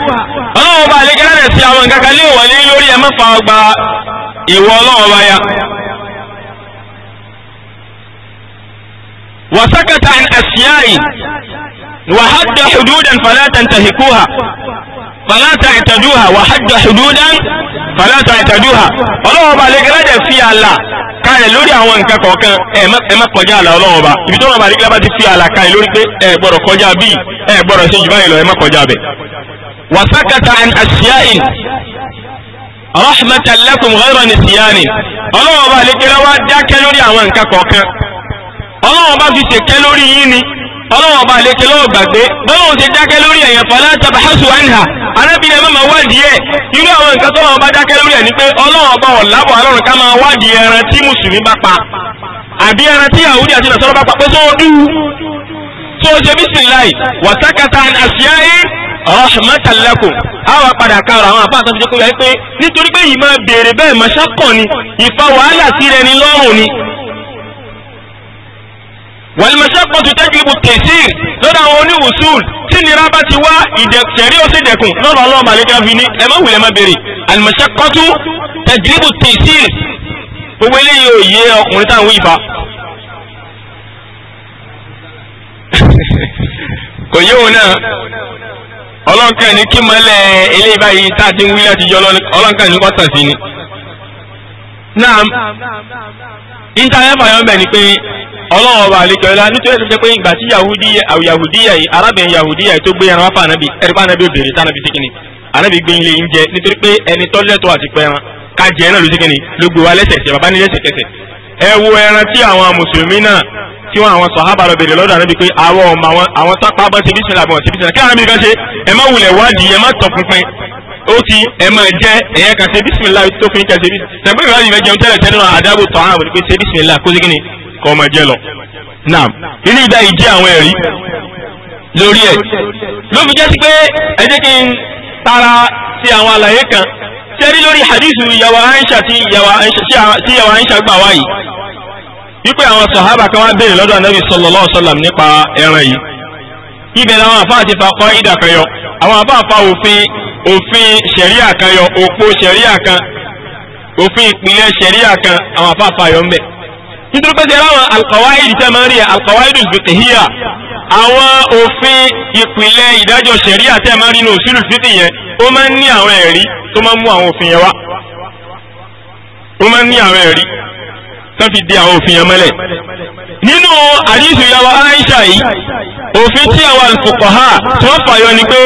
ọlọ́wọ́ bá lè gẹ́rẹ́ sí àwọn kankan ní ìwọ̀lé lórí ẹ̀ mẹ́fà ọgbà ìwọ ọlọ́wọ́ bá ya. wà sákàtà àṣìyàn wà hàdà hududan fàlẹ́tẹ̀ntẹ̀ ikú ha fàlẹ́tẹ̀ ìtẹ̀jú ha wà hàdà hududan fàlàtà ìtàdúhà ọlọ́wọ́ bá lẹ́gẹ́lá jẹ́ fi àlà kalẹ̀ lórí àwọn nǹkan kọ̀ọ̀kan ẹ má kọjá àlà ọlọ́wọ́ bá ibi tó wọn bá lẹ́gẹ́lá bá ti fi àlà kalẹ̀ lórí pé ẹ gbọ́dọ̀ kọjá bíi ẹ gbọ́dọ̀ ṣe jù báyìí lọ ẹ má kọjá bẹ̀. wàsákàtà an àṣìyáìn rahmatan lakum ghayra nisiyani ọlọ́wọ́ bá lẹ́gẹ́lá wá dákẹ́ lórí àwọn nǹkan kọ̀ọ̀kan ọlọ́wọ́ bá fi ṣèkẹ́ lórí yín ni ọlọ́run ọba àlejò lọ́wọ́ gbàgbé bọ́lọ́run ti dákẹ́ lórí ẹ̀yàn fọlá tabahasu anha arábìnrin ẹ̀mọ́ máa wádìí ẹ̀ irú àwọn nǹkan tọ́lọ́run ọba dákẹ́ lórí ẹ̀ ni pé ọlọ́run ọba ọ̀làbọ̀ alọ́run ká máa wádìí ẹran tí mùsùlùmí bá pa àbí ẹran tí yahudi àti nasọ́rọ́ bá pa pé sóò dú tó o ṣe bísíláì wàsákàtà àṣìáyé rahmatan lakum àwa padà kára àwọn àbá àtàkùn jẹ́ kó yẹ pé nítorí pé yìí máa béèrè bẹ́ẹ̀ máa ṣàkọ́ ni ìfa wàhálà sí rẹ ni lọ́rùn ni wàlùmọ̀ṣẹ́pọ̀tù tẹ́jìlìbù tẹ̀sí lọ́dọ̀ àwọn oníwùsùl tí nira bá ti wá ìdẹ̀sẹ̀rí ó sì dẹ̀kùn lọ́rọ̀ ọlọ́run màlẹ́kà fi ní ẹ̀mọ́ wùlẹ̀ má bèrè àlùmọ̀ṣẹ́pọ̀tù tẹ́jìlìbù tẹ̀sí gbogbo eléyìí ò yé ọkùnrin táwọn wí ìbá. kò yé òun náà ọlọ́nkà ní kí mọ́lẹ̀ eléyìí báyìí tá a ti ń wí láti yọ ọlọ́nkà ní kọ́tà sí ni. náà ìntànẹ́fà yọ̀ ń bẹ̀ ni pé ọlọ́run wa àlejò ẹ̀la nítorí ẹ̀sìn pé ìgbà tí yahudiya yìí arábìnrin yahudiya yìí tó gbé ẹran wá fún anabi ẹ̀rí fún anabi obìnrin tánàbí sí kìnnì anabi gbé ilé yìí ń jẹ nítorí pé ẹni tọ́lẹ́tọ̀ àti pẹ́ran ká jẹ náà ló sí kìnnì ló gbé wa lẹ́sẹ̀ ṣe bàbá ní lẹ́sẹ̀ kẹsẹ̀ ẹ wo ẹran tí àwọn mùsùlùmí náà tí wọn àwọn sọ̀hábà lọ bèrè lọ́dọ̀ anabi pé àwọn ọmọ àwọn àwọn tápá bọ́ síbi ìṣẹ̀lẹ̀ àbọ̀ síbi ìṣẹ̀lẹ̀ kí anabi kan ṣe ẹ má wulẹ̀ wádìí ẹ má tọ̀ pinpin ó ti ẹ máa jẹ ẹ̀yẹ kan ṣe bísímìlá tó fi ń kẹ́ ṣe bísímìlá ṣàgbéyìí wádìí mẹ́jẹun tẹ́lẹ̀ tẹ́lẹ̀ náà àdábò tọ́ àwọn àbòdì pé ṣe bísímìlá kó sí kí ni kọ́ ọmọ jẹ́ lọ. naam ilé ìdá yìí jẹ́ àwọn ẹ̀rí lórí ẹ̀ ló fi jẹ́ sí pé ẹ jẹ́ kí n tara sí àwọn àlàyé kan ṣe rí lórí hadithu ìyàwó Aisha tí ìyàwó Aisha gbà wá yìí wípé àwọn sàhábà kan wá béèrè lọ́dọ̀ Ànábì sallallahu alaihi wasallam nípa ẹran yìí ibẹ̀ làwọn àfáà ti fa kọ́ ìdà kan yọ àwọn àfáà fa òfin òfin ṣẹ̀ríà kan yọ òpó ṣẹ̀ríà kan òfin ìpìlẹ̀ ṣẹ̀ríà kan àwọn àfáà fa yọ ń bẹ̀ nítorí pé jẹ́rọ àwọn alqawaid tẹ́ máa ń rí ẹ̀ alqawaid al-fiqhiyya àwọn òfin ìpìlẹ̀ ìdájọ́ ṣẹ̀ríà tẹ́ máa ń rí ní òṣìlú fìtì yẹn ó máa ń ní àwọn ẹ̀rí tó máa ń mú àwọn òfin yẹn wá ó máa ń ní àwọn ẹ̀rí tó fi di àwọn òfin yẹn mọ́lẹ̀ nínú àdísù ìyàwó aláìṣà yìí òfin tí àwọn alfuqaha tí wọ́n fàyọ ni pé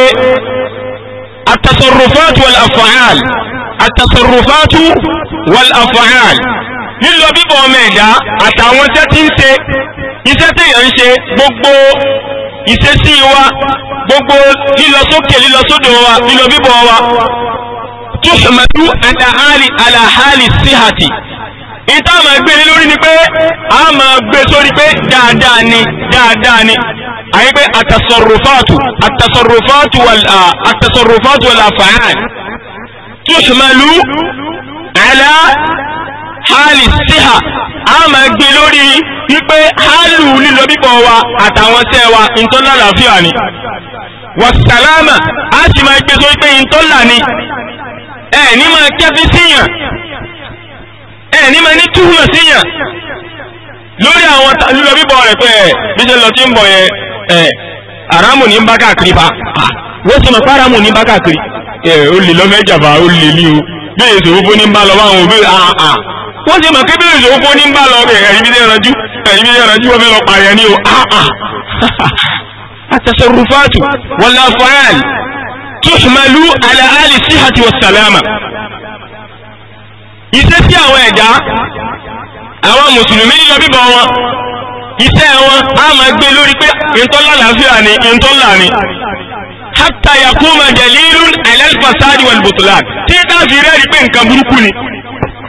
at-tasarrufat lílọ bíbọ̀ ọmọ ẹ̀dá àtàwọn iṣẹ́ tí ń ṣe iṣẹ́ téèyàn ń ṣe gbogbo ìṣesí wa gbogbo lílọ sókè lílọ sódò wa lílọ bíbọ̀ wa tuhmadu àdáhálì àdáhálì síhàtì ìta máa gbé lórí ni pé a máa gbé sórí pé dáadáa ni dáadáa ni àyè pé àtàsọ̀rọ̀fàtù àtàsọ̀rọ̀fàtù wàlà àtàsọ̀rọ̀fàtù wàlà fàáàn tuhmadu àlá. Hali siha a máa gbé lórí wípé hálù lílọ bíbọ̀ wa àtàwọn tẹ́ wa ìtọ́lá làáfíà ni wàsàlámà a sì máa gbé sórí pé ìtọ́lá ni ẹ ní máa kẹ́fí síyàn ẹ ní máa ní túwọ̀ síyàn lórí àwọn lílọ bíbọ̀ rẹ̀ pé ẹ bí ṣe lọ sí ń bọ̀ yẹn ẹ àrámù ní bá káàkiri bá ah, wọ́n sì máa pa àrámù ní bá káàkiri ẹ ó lè lọ mẹ́jàmbá ní o bẹ́ẹ̀ ìṣòro fún ní ń bá lọ báwọn òbí àà ah, ah. wọ́n ṣe mọ̀ pé bẹ́ẹ̀ ìṣòro fún ní ń bá lọ ẹ̀yìn bí ẹranjú ẹ̀yìn bí ẹranjú wọ́n fẹ́ lọ pààyàn ní o àà ah, àtẹ̀sẹ̀rùfáàtù wọlé afọ́rẹ́ẹ̀lì tuhmalu ala ali sihati wa salama iṣẹ́ tí àwọn ẹ̀dá àwọn mùsùlùmí nílọ bíbọ̀ wọn iṣẹ́ wọn á gbé lórí pé ìtọ́lá làáfíà ni ìtọ́lá ni hatta yakuma dalilun ala al-fasadi wal butlan tí tá fi rẹ́ rí pé nǹkan burúkú ni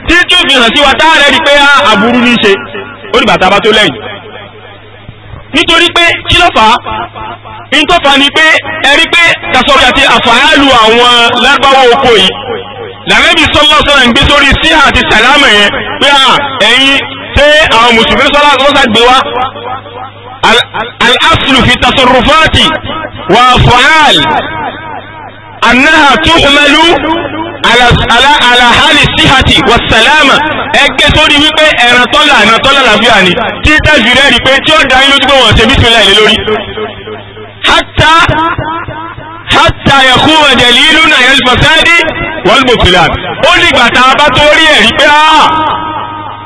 tí tó fi hàn sí wa tá rẹ́ rí pé ah, aburú ní ṣe ó ní bàtà bá tó lẹ́yìn nítorí pé kí ló fà á in tó fà ní pé ẹ̀rí pé tasọ́rọ̀ àti àfàálù àwọn lágbàwọ̀ oko yìí làrẹ́bí sọ́lọ́sọ́lá ń gbé sórí sí àti sàlámẹ̀ yẹn pé à ah, ẹ̀yin tẹ́ àwọn mùsùlùmí sọ́lá sọ́lá gbé wá الأصل في التصرفات وأفعال أنها تحمل على على على حال الصحة والسلامة ẹgbẹ́ sórí wípé ẹ̀ràn tọ́lá ẹ̀ràn tọ́lá làáfíà ni tí tẹ́jú rẹ̀ rí pé tí ó dáyé lójú pé wọ́n ṣe bísímìlá ilé lórí. hátà hátà ẹ̀kú ẹ̀dẹ̀lì ìlú náà yẹn lùfọ̀sáàdì wọ́n lùbọ̀tìlá ó nígbà tá a bá tó rí ẹ̀rí pé áà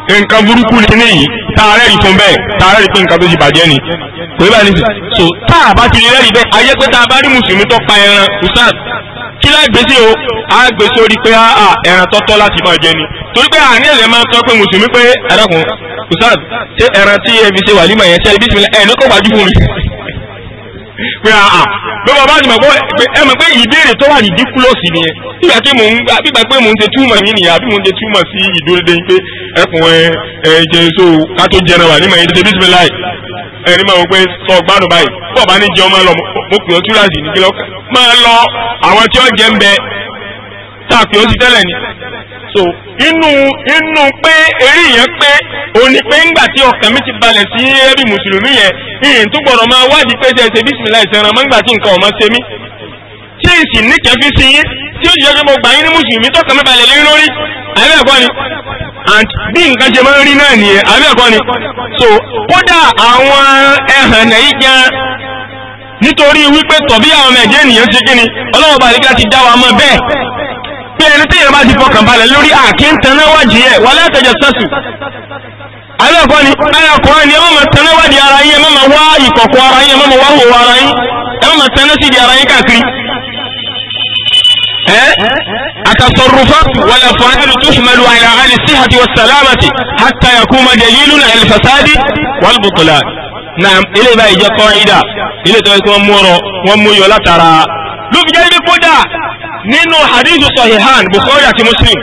nǹkan burúkú ni ní yìí tá a rẹ́rìí fún bẹ́ẹ̀ tá a rẹ́rìí nǹkan tó ti bàjẹ́ ni kò yíba ní so tá a bá ti rí rẹ́rìí bẹ́ẹ̀ ayé pé tá a bá rí mùsùlùmí tó pa ẹran usan kí láì gbèsè o á gbèsè orí pé a ah, ah, ẹran tọ́tọ́ láti máa jẹ ni torí pé àárín ẹ̀rẹ̀ máa ń tọ́ pé mùsùlùmí pé ẹ̀rọ kan usan ṣé ẹran tí ẹ fi ṣe wàlímà yẹn ṣe ẹ bí sinmi ẹ̀ ní kò gbàdúgbò mi pé àà ah, bí ah, bàbá àti bàbá ẹ mọ̀ pé ìbéèrè tó wà ní díkúlọ̀sì nìyẹn nígbà pé mò ń gbà bí gbà pé mò ń ṣe túmọ̀ yín nìyà bí mò ń ṣe túmọ̀ sí ìdúródé pé ẹkùn ẹ ẹ jẹ èso ká tó jẹrẹ wà nímọ̀ ẹ̀dẹ́dẹ́ bísí mi láì ẹni máa wọ pé sọ gbádùn báyìí bọ́ọ̀ bá ní jẹun máa lọ mo pè ọ́ túláàsì ní kílọ̀ máa lọ àwọn tí ó jẹ ń bẹ tá a pè ó sí tẹ́lẹ̀ ni so inú inú pé eré yẹn pé òní pé ńgbà tí ọkàn mi ti balẹ̀ sí ẹbí mùsùlùmí yẹn ìyẹn tó gbọ́dọ̀ máa wádìí pé ṣe ṣe bísímìlá ìṣẹ̀ràn mọ́ ńgbà tí nǹkan ọ̀mọ́ ṣe mí tí èsì níkẹ́ fi sí yín tí ó jẹ́ pé mo gbà yín ní mùsùlùmí tọ́kàn mi balẹ̀ lé lórí àbẹ́ ẹ̀kọ́ ni and bí nǹkan ṣe máa ń rí náà nìyẹn àbẹ́ ẹ̀kọ́ ni so kódà àwọn ẹ̀hàn náà yí gan nítorí wípé tọ̀bí àwọn ẹ̀jẹ̀ ènìyàn ṣe kí ni ọlọ́wọ́ bàlíkà ti dá wa mọ́ bẹ́ẹ̀ pé ẹni tí èèyàn bá ti fọkàn balẹ̀ lórí àkíntanáwájì ẹ̀ wà látẹ̀jẹ̀ sẹ́sù àlẹ́kọ́ ni ayàkùnrin ni ẹ máa tanáwájì ara yín ẹ máa wá ìkọ̀kọ̀ ara yín ẹ máa wá hòwò ara yín ẹ máa taná sí ara yín káàkiri التصرفات والأفعال تحمل على عن الصحة والسلامة حتى يقوم دليل على الفساد والبطلان نعم إلى بقى إجا قاعدة إلى تبقى مورو وميو لا ترى لو بجلد قدا نينو حديث صحيحان بخاري مسلم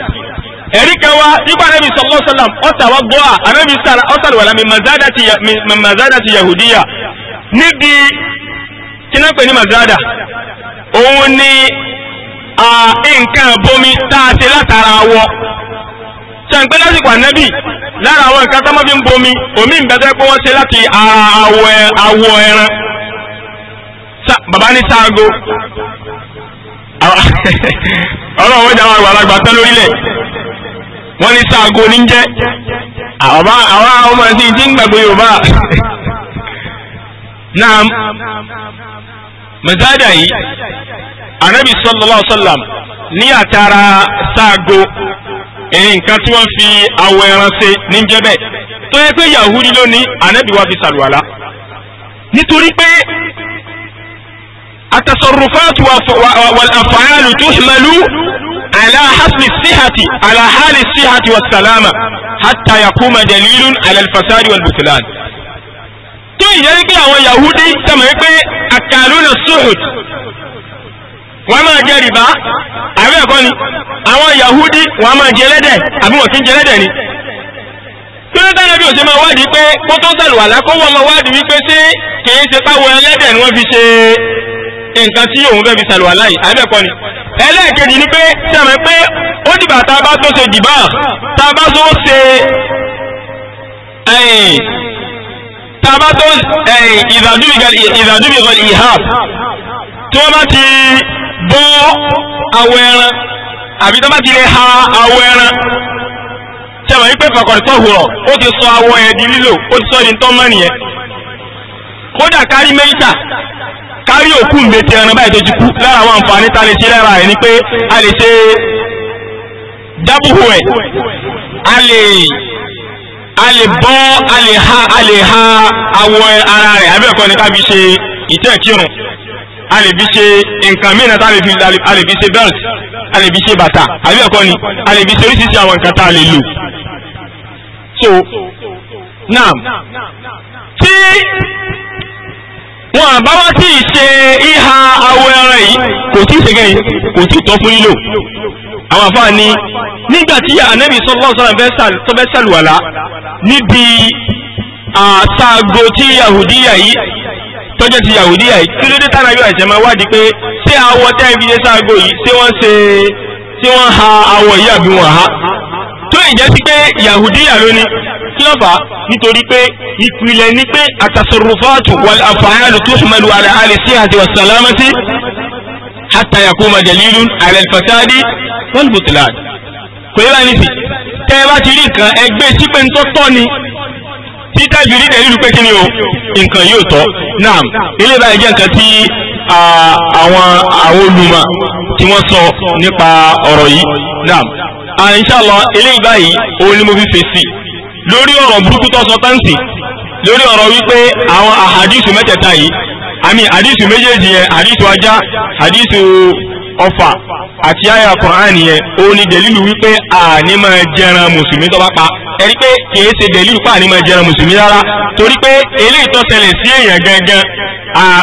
erika wa nípa anabi sallallahu alaihi wasallam ọta wa gbọ́ a anabi sara ọta wàlá من مزادة يهودية نبي كنا ti مزادة. níbi nǹkan bomi tá a ṣe látara wọ sàǹpé lásìkò ànábì lára àwọn nǹkan tó máa fi ń bomi omi ń bẹ́tẹ́ pé wọ́n ṣe láti ara awọ ẹran bàbá ní sáago ọ̀rọ̀ àwọn ìjà àwọn àgbàlagbà tán lórílẹ̀ wọ́n ní sáago ní àwọn ọmọ ẹ̀sìn tí ń gbàgbé yorùbá náà mẹ́sáàdà yìí anabi sallallahu alaihi wa sallam ní àtàrà sáàgó nǹkan tí wọ́n fi awọ ẹran ṣe níjẹ́ bẹ́ẹ̀ tó yẹ pé yahudi lónìí anabi wa fi sàlùwàlá nítorí pé التصرفات والأفعال تحمل على حسب الصحة على حال الصحة والسلامة حتى يقوم دليل على الفساد والبطلان tó ìyẹn pé àwọn yahudi sọ pé أكالون السحت wọ́n máa jẹ rìbá àbí ẹ̀kọ́ ni àwọn yahudi wọ́n máa jẹ lẹ́dẹ̀ àbí wọ́n kì í jẹ lẹ́dẹ̀ ni kí ló dáná bí ò ṣe máa wádìí pé kó tó sàlù àlá kó wọ́n máa wádìí wípé ṣé kìí ṣe páwọ ẹlẹ́dẹ̀ ni wọ́n fi ṣe nǹkan tí òun fẹ́ fi sàlù àlá yìí àbí ẹ̀kọ́ ni ẹlẹ́ẹ̀kejì ni pé sẹ́mi pé ó dìbà tá a bá tó ṣe dìbà tá a bá tó ṣe tá a bá tó ìdàdúbìgàn ìhàb tí wọ́n bá ti bọ́ awọ ẹran àbí tó bá ti lè ha awọ ẹran tẹ̀wọ̀n wípé fàkọ̀rẹ́tọ̀ hùrọ̀ ó ti sọ awọ ẹ̀ di lílò ó ti sọ di ntọ́ mọ́ nìyẹn kódà kárí mẹ́ta kárí òkú mbètè ẹran báyìí tó ti kú lára àwọn àǹfààní tá a lè ṣe lára ẹ̀ ni pé a lè ṣe dábùhù ẹ̀ a lè a lè bọ́ a lè ha a lè ha awọ ara rẹ̀ abẹ́ẹ̀kọ́ ni ká fi ṣe ìtẹ́ẹ̀kírun a lè fi ṣe nǹkan mìíràn tá a lè fi ṣe belt a lè fi ṣe bàtà àbí ẹ̀kọ́ ni a lè fi ṣe oríṣiríṣi àwọn nǹkan tá a lè lò. so now tí wọn àbá wá tí ì ṣe ìhà awọ ẹran yìí kò tí ì ṣe kò tí ì fún lílò àwọn àfáà ni nígbà tí ànábì sallallahu alaihi wasallam tó níbi àtàgò tí yahudiya yìí tọ́jẹ́ ti yàwùdí yà kí ló dé tánà yóò ẹ̀sẹ̀ máa wádìí pé ṣé awọ tẹ́ fi dé sáago yìí ṣé wọ́n ṣe ṣé wọ́n ha awọ yìí àbí wọ́n ha tó ìjẹ́ sí pé yàwùdí yà lónìí kí ló fà á nítorí pé ìpìlẹ̀ ni pé àtàsọ̀rọ̀fọ́ọ̀tù wal af'alu tuhmalu ala hali sihhati wa salamati hatta yakuma dalilun ala al-fasadi wal butlan kò yẹ bá ní sí tẹ́ ẹ bá ti rí nǹkan ẹgbẹ́ e sípẹ́ńtọ́tọ́ títà ju dídẹ̀ nínú pé kí ni o nǹkan yóò tọ́ naam ilé báyìí jẹ́ nǹkan tí àwọn àwọn olùmọ̀ tí wọ́n sọ nípa ọ̀rọ̀ yìí naam inshallah ilé báyìí òun ni mo fi fèsì lórí ọ̀rọ̀ burúkú tó sọ táǹsì lórí ọ̀rọ̀ wípé àwọn àhàdísù mẹ́tẹ̀ẹ̀ta yìí àmì àdísù méjèèjì yẹn àdísù ajá àdísù ọfà àti àyà Kùránì yẹn ó ní dẹ̀lílù wípé àní máa jẹran mùsùlùmí tó bá pa ẹni pé kìí ṣe dẹ̀lílù pa àní máa jẹran mùsùlùmí rárá torí pé eléyìí tó ṣẹlẹ̀ sí èèyàn gangan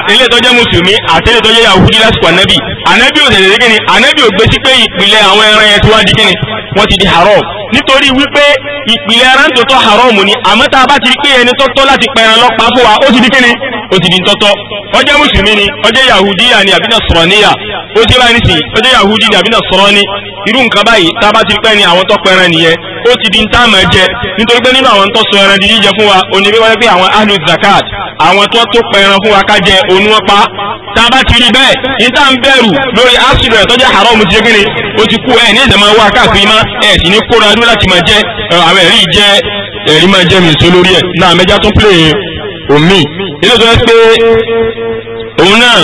eléyìí tó jẹ́ mùsùlùmí àti eléyìí tó jẹ́ Yahudi lásìkò ànábì ànábì ò tẹ̀lé kíni ànábì ò gbé sí pé ìpìlẹ̀ àwọn ẹran yẹn ti wá di kíni wọ́n ti di haram nítorí wípé ìpìlẹ̀ ẹran tó tọ́ haram ni àmọ́ tá a bá ti rí pé ẹni tó tọ́ láti pẹran lọ́pàá fún wa ó ti di kíni ó ti di ntọ́tọ́ ó jẹ́ mùsùlùmí ni ó jẹ́ yahudiya ni àbí nasraniya ó jẹ́ báyìí nísìnyí ó jẹ́ yahudi ni abina nasrani irú nǹkan báyìí tá a bá ti pẹ́ ni àwọn tọ́pẹ́ ẹran nìyẹn ti di ntá mọ̀ jẹ nítorí pé nínú àwọn tọ́sọ di jíjẹ fún wa òní bí wọ́n pé àwọn ahlu zakat àwọn tó tó pẹ́ ẹran fún wa ká jẹ òní wọn pa tá a bá ti rí bẹ́ẹ̀ níta ń bẹ̀rù lórí asùn rẹ̀ haram ti gbé ni ó ti kú ẹ̀ ní ìdàmọ́ wa káàkiri ma, ẹ̀ sì ní kóra dúró láti máa jẹ àwọn ẹ̀rí jẹ ẹ̀rí máa jẹ mìíràn lórí ẹ̀ náà mẹ́já tún pèlè omi nínú tó ń pé òun náà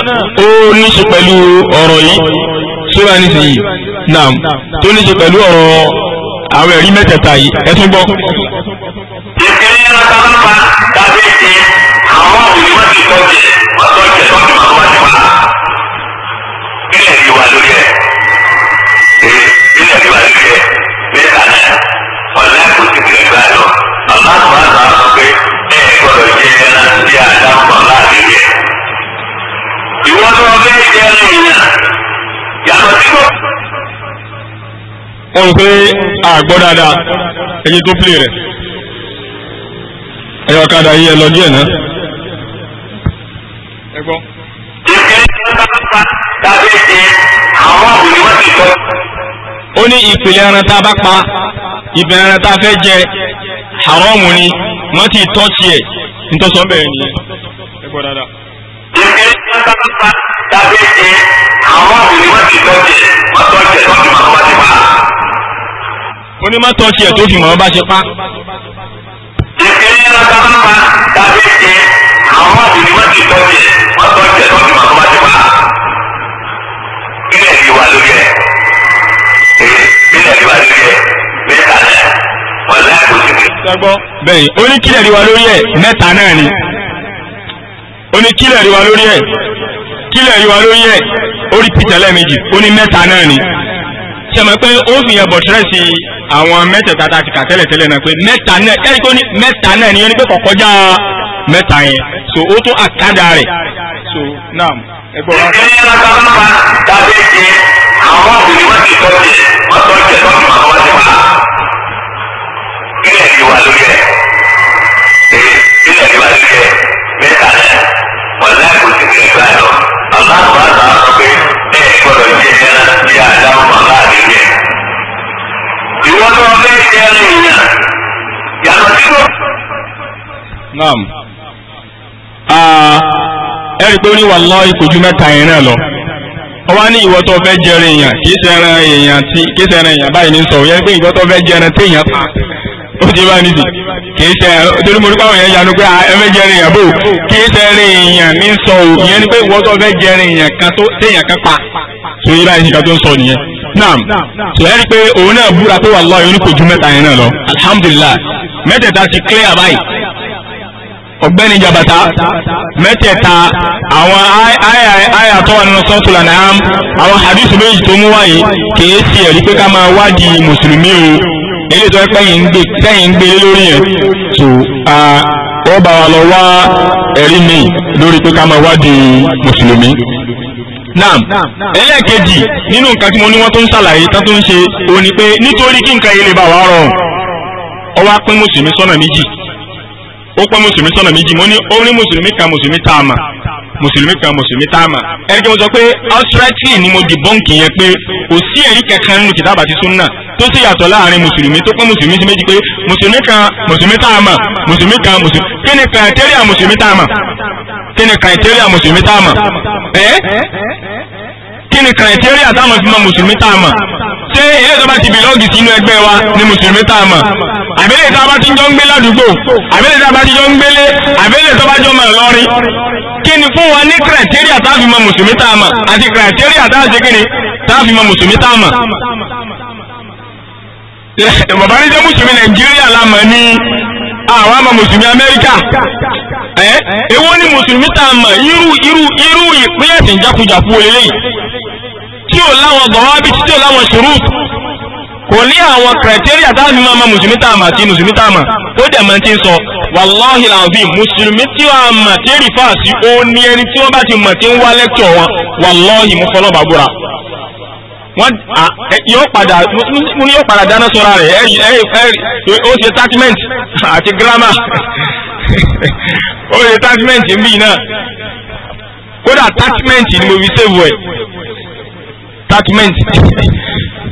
ó ní ṣe pẹ̀lú ọ̀rọ̀ yìí sóra nísìnyí náà tó ní ṣe pẹ̀lú ọ̀rọ̀ àwọn ẹ̀rí mẹ́tẹ̀ẹ̀ta yìí ẹ tún gbọ́. mo rò pé àgbọ̀ dáadáa tó pìlẹ̀ rẹ̀ ẹ̀yọ ọ̀kadà yìí ẹ lọ díẹ̀ náà. ẹ gbọ́. ó ní ìpìlẹ̀ ẹran tá a bá pa ìpìlẹ̀ ẹran tá a fẹ́ jẹ haramu ni wọ́n ti tọ́ tiẹ̀ nítòsọ́ bẹ́ẹ̀ nìyẹn. ẹ gbọ́ dáadáa. ìpìlẹ̀ ẹran tá a bá pa tá a ọlọ́run ni wọ́n ti tọ́jú ẹ̀ wọ́n tọ́jú ẹ̀ tó fi mọ̀ bá ti pa. ó ní má tọ́jú ẹ̀ tó fi mọ̀ bá ṣe pa. ìpínlẹ̀ ọ̀gá bá pa tàbí jẹ àwọn ọlọ́run ni wọ́n ti tọ́jú ẹ̀ wọ́n tọ́jú ẹ̀ tó fi mọ̀ bá ti pa. ilé ìlú wa lórí ẹ̀ ilé ìlú wa lórí ẹ̀ mẹ́ta náà wọ́n láì kó síbi. bẹ́ẹ̀ni ó ní kílẹ̀ rí wa lórí ẹ̀ mẹ́ta náà ni ó ní kílẹ̀ rí wa lórí ẹ̀ kílẹ̀ yóò wá ló yẹ orí pìtẹ́ lẹ́ẹ̀mejì ó ní mẹ́ta náà ni sẹ́mi pé ó fi yẹn bọ̀tírẹ́sì àwọn mẹ́tẹ̀ẹ̀ta tá a ti kà tẹ́lẹ̀tẹ́lẹ̀ náà pé mẹ́ta náà ẹ̀rí tó ní mẹ́ta náà ni yẹn ni pé kò kọjá mẹ́ta yẹn so ó tún àkádà rẹ̀ so naam ẹ gbọ́ wa. ìdílé alágbàmọ́ bá dábẹ́ jẹ àwọn obìnrin wọn ti tọ́jú wọn rí pé ó ní wallahi ìkojú mẹ́ta yẹn náà lọ ọwá ní ìwọ tó fẹ́ jẹrẹ èèyàn kìí sẹran èèyàn tí kìí sẹran èèyàn báyìí ní sọ yẹn pé ìwọ fẹ́ jẹrẹ tí èèyàn pa ó ti bá nìsí kìí sẹ torí mo rí pàwọn èèyàn yanu pé ẹ fẹ́ jẹrẹ èèyàn bò kìí sẹran èèyàn ní sọ o ìyẹn ni pé ìwọ tó fẹ́ jẹrẹ èèyàn kan tó téèyàn kan pa tó yẹ báyìí nìkan tó ń sọ nìyẹn naam tó yẹ rí pé òun náà búra pé wallahi oníkojú mẹ́ta yẹn náà lọ alhamdulillah mẹ́tẹ̀ẹ̀ta ti clear báyìí ọ̀gbẹ́ni jabata mẹ́tẹ̀ẹ̀ta àwọn àyà tó wà nínú sọ́tùlà náà àwọn hadith méjì tó mú wáyé kìí ṣe ẹ̀rí pé ká máa wádìí mùsùlùmí o eléyìí tó ẹ pẹ́yìn ń gbé pẹ́yìn ń gbé lórí yẹn wa lọ wá ẹ̀rí mi lórí pé ká máa wádìí mùsùlùmí ẹlẹ́ẹ̀kejì nínú nǹkan tí mo ní wọ́n tó ń ṣàlàyé tó ń ṣe òní pé nítorí ó pẹ́ mùsùlùmí sọ̀nà méjì mo ní ó ní mùsùlùmí kan mùsùlùmí tá a mà mùsùlùmí kan mùsùlùmí tá a mà ẹni kí mo sọ pé austerity ni mo di bọ́ǹkì yẹn pé kò sí ẹ̀rí kankan nínú kìtàbà àti súnà tó sì yàtọ̀ láàrin mùsùlùmí tó pẹ́ mùsùlùmí sí méjì pé mùsùlùmí kan mùsùlùmí tá a mà mùsùlùmí kan mùsùlùmí kí ni criteria mùsùlùmí tá a mà kí ni criteria mùsùlùmí tá a mà ẹ́ criteria táwọn fi mọ mùsùlùmí tá a mà ṣé ilé tó ti bìlọ́ọ̀gì sínú ẹgbẹ́ wa ni mùsùlùmí tá a mọ̀ àbẹ́lẹ̀ tá ti jọ ń gbé ládùúgbò àbẹ́lẹ̀ tá ti jọ ń gbélé àbẹ́lẹ̀ tó jọ mọ̀ lọ́rin kí ni fún wa ní kìrìtẹ́ríà tá a fi mọ̀ mùsùlùmí tá a mọ̀ àti kìrìtẹ́ríà tá a ṣe kí tá a fi mọ̀ mùsùlùmí tá a mọ̀ bàbá ní jẹ́ mùsùlùmí nàìjíríà la mọ̀ ní àwọn àmọ́ mùsùlùmí amẹ́ríkà ẹ̀ èwo ni mùsùlùmí tá a mọ̀ irú irú irú ìpínlẹ̀ tí ń jákujàku eléyìí tí ò láwọn bọ̀wábí tí ò láwọn ṣùrù kò ní àwọn kìrìtẹ́rì àtàwọn mímọ́ ọmọ mùsùlùmí tá a mà tí mùsùlùmí tá a mà ó dẹ̀ mọ̀ tí ń sọ wàláhì làbí mùsùlùmí tí wọ́n mà tí èrì fáàsì ó ní ẹni tí wọ́n bá ti mọ̀ tí ń wá lẹ́kítọ̀ wọn wàláhì mú fọlọ́ bàbúrà wọ́n yóò padà mú yóò padà dáná sọ́ra rẹ̀ ó ṣe attachment àti grammar ó ṣe attachment ń bì náà kódà attachment ni mo fi ṣèwọ̀ ẹ̀ attachment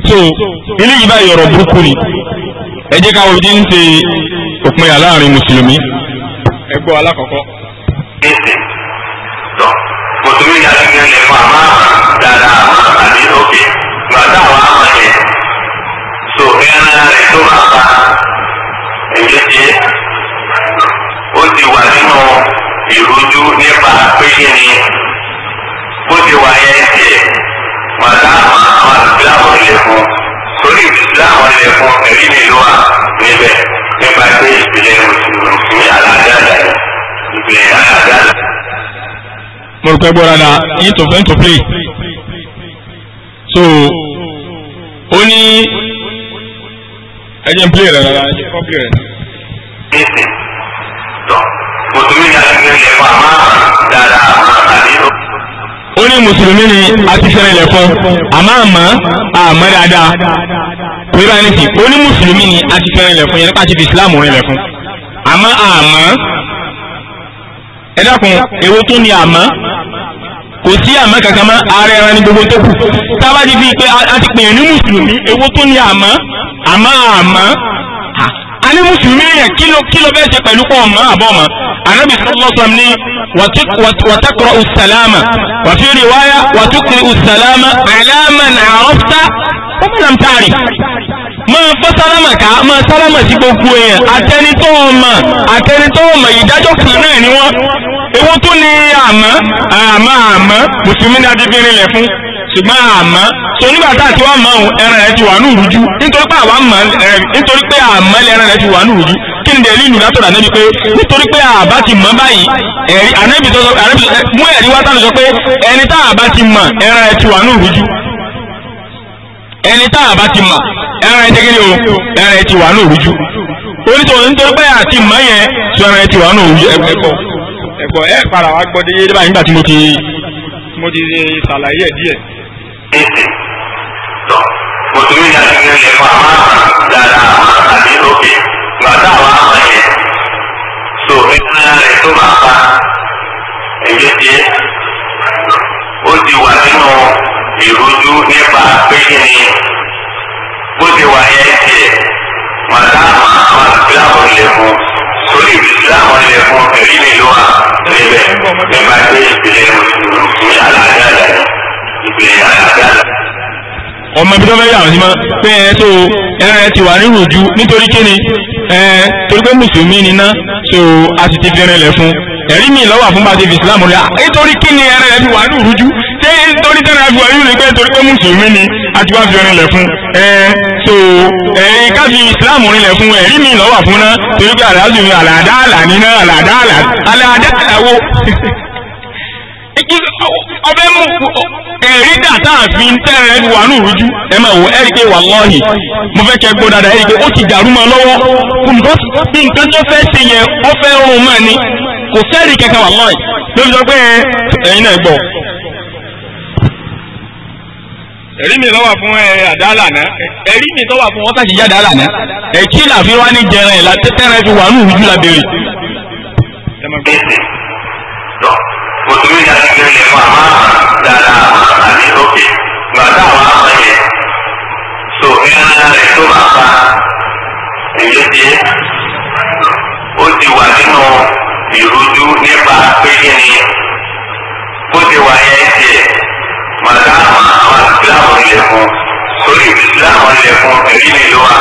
so ilé yìí báyìí ọ̀rọ̀ burúkú ni ẹ jẹ́ káwọn ojú ń ṣe òpin yà láàrin mùsùlùmí. ẹ gbọ́ alákọ̀ọ́kọ́. mùsùlùmí yà ti yan lẹ́fọ́ àmọ́ dáadáa àbí òkè gbàdá àwọn àmọ́ so ẹran rẹ̀ tó máa bá ẹ̀yẹ́ jẹ́ ó ti wà nínú ìrújú nípa pé ni bó ti wà yẹn tiẹ̀ màdàmà àwọn ìsìláàmù ilẹ̀ fún torí ìsìláàmù ilẹ̀ fún ẹ̀rí mi ló wà níbẹ̀ nípa pé ìpìlẹ̀ mùsùlùmí aláàdáàdà ìpìlẹ̀ aláàdáàdà. mo rò pé gbọ́dọ̀ dá yín tó fẹ́ tó play so ó ní ẹjẹ ń play rẹ̀ rárá ẹjẹ kọ́ play rẹ̀. nísìnyí tó mùsùlùmí ni a ti gbé ilẹ̀ fún àmọ́ dáadáa àmọ́ àdéhùn ó ní mùsùlùmí ni a ti fẹ́rẹ̀ lẹ̀ fún àmọ́ àmọ́ àmọ́ dáadáa kò yẹ báyìí nìsí ó ní mùsùlùmí ni a ti fẹ́rẹ̀ lẹ̀ fún yẹn nípa ti fi islam rẹ̀ lẹ̀ fún àmọ́ àmọ́ ẹ dákun èwo tún ni àmọ́ kò sí àmọ́ kankan mọ́ ààrẹ ẹran ní gbogbo tó kù tábàdí fi pé a ti pè é ní mùsùlùmí èwo tún ni àmọ́ àmọ́ àmọ́ ní mùsùlùmí yẹn kí ló kí ló bẹ́ẹ̀ ṣe pẹ̀lú pọ̀ mọ́ àbọ̀ mọ́ anabi sọlọ́sọ ní wàtúkọ̀rọ̀ ọ̀sálàmà wàfi rìwáyà wàtúkọ̀rọ̀ ọ̀sálàmà àlàmà àrọ́fta ọmọlàm tààrí. máa fọ́ sálámà ká máa sálámà sí gbogbo èèyàn àtẹnitọ́ ọmọ àtẹnitọ́ ọmọ ìdájọ́ kan náà ni wọ́n ewu tó ní àmọ́ àmọ́ àmọ́ mùsùlùmí ni adébírin lẹ̀ fún ṣùgbọ́n àmọ́ so nígbà tá àti wá mọ̀ ọ́n ẹran rẹ̀ ti wà ní ìrújú nítorí pé àwa mọ̀ ẹ̀ nítorí pé àmọ́ ẹran rẹ̀ ti wà ní ìrújú kí ni dẹ̀ lílù látọ̀dà níbi pé nítorí pé àbá ti mọ̀ báyìí ẹ̀rí ànábì tó sọ ànábì mú ẹ̀rí wá tánù sọ pé ẹni tá àbá ti mọ̀ ẹran rẹ̀ ti wà ní ìrújú ẹni tá àbá ti mọ̀ ẹran rẹ̀ ti kí ni o ẹran rẹ̀ ti wà ní ìrújú onítọ̀hún nítorí pé àti mọ̀ yẹn sọ ẹran rẹ̀ ti wà ní ìrújú ẹ̀kọ́ ẹ̀kọ́ ẹ̀ padà wá gbọ́dé yé débà nígbà tí mo ti mo ti ṣàlàyé ẹ̀ díẹ̀ èsì tọ mùsùlùmí ni a ti gbé lẹ́kọ̀ọ́ àmọ́ dára àmọ́ àti òkè gbàdá àwọn àmọ́ yẹn so ìpínlẹ̀ rẹ̀ tó máa bá èyí ti ó ti wà nínú ìrújú nípa pé ni bó ti wà yẹn tiẹ̀ màdáàmà àwọn ìsìlámù lè mú sórí ìsìlámù lè mú èyí mi ló wà níbẹ̀ nípa pé ìpínlẹ̀ mùsùlùmí aláàjá ọmọ ibi tó fẹ́ yàrá sí ma pé ẹ tó ẹ ti wà nírù ju nítorí kíni ẹ torí pé mùsùlùmí ni ná so a sì ti fi ẹrẹ lẹ fún ẹ̀rí mi lọ́wọ́ àfúnbá ti fi islam rẹ̀ nítorí kíni ẹrẹ rẹ fi wà nírù ju ṣé nítorí tẹ́lẹ̀ fi wà nírù rẹ pé torí pé mùsùlùmí ni a ti wá fi ẹrẹ lẹ fún ẹ so ẹ̀rí ká fi islam rẹ̀ lẹ fún ẹ̀rí mi lọ́wọ́ àfúnná torí pé àlàáfíà mi àlàádáàlà ni ná àlàádáàlà àlàádáàlà wo. ọbẹ̀ mú ẹ̀rí dàtà fi ń tẹ́ ẹni wà ní ìrújú ẹ máa wò ẹ̀rí pé wallahi mo fẹ́ kẹ́ gbọ́ dáadáa ẹ̀rí pé ó ti dàrú mọ́ lọ́wọ́ nǹkan tí nǹkan tó fẹ́ ṣe yẹn ó fẹ́ rún mọ́ ni kò sẹ́ẹ̀rí kankan wallahi ló fi sọ pé ẹ̀yin náà gbọ́. ẹ̀rí mi lọ́wọ́ fún àdáàlà náà ẹ̀rí mi tọ́wọ́ fún wọ́n sàṣìyá àdáàlà náà ẹ̀kí làfi wá ní jẹrẹ ẹ̀ la tẹ́tẹ́rẹ́ fi wà ní ìrújú la mùsùlùmí láti gbé lè mọ àmọ́ dáadáa àti òkè gbàdá àwọn àmọ́ yẹn so ìlànà rẹ̀ tó bá fa èyí ti ó ti wà nínú ìrújú nípa pé kí ni bó ti wà yẹn tiẹ̀ màdá àwọn ìsìláàmù ilẹ̀ fún torí ìsìláàmù ilẹ̀ fún èyí ni ló wà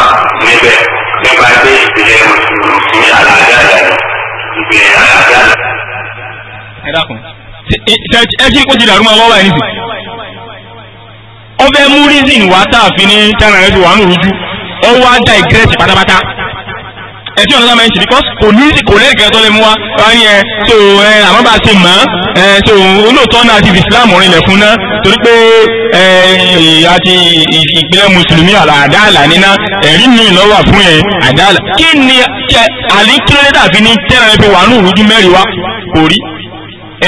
níbẹ̀ nípa pé ìpìlẹ̀ mùsùlùmí àlàáfíà ìpìlẹ̀ àlàáfíà ẹ dákun ẹ kí kó ti dàrú máa wọ́wọ́ ẹ nìsí. ọbẹ̀ mú reason wá tá a fi ní tẹ́lẹ̀ rẹ ti wà ní ojú ó wá da ìgírẹ́sì pátápátá ẹ tí ọ̀nà sábà ń ṣe because kò ní kò lẹ́yìn kẹrẹ tó lè mú wa wá ní ẹ so ẹ àmọ́ bá a ṣe mọ̀ ẹ so olóòótọ́ náà ti fi Islam rinlẹ̀ fún náà torí pé ẹ àti ìpínlẹ̀ mùsùlùmí àdáàlà níná ẹ̀rí mi lọ́wọ́ fún ẹ àdáàlà kí ni àlékírẹ́dà fi ní tẹ́lẹ̀ rẹ fi wà ní òrùjú mẹ́rin wa kò rí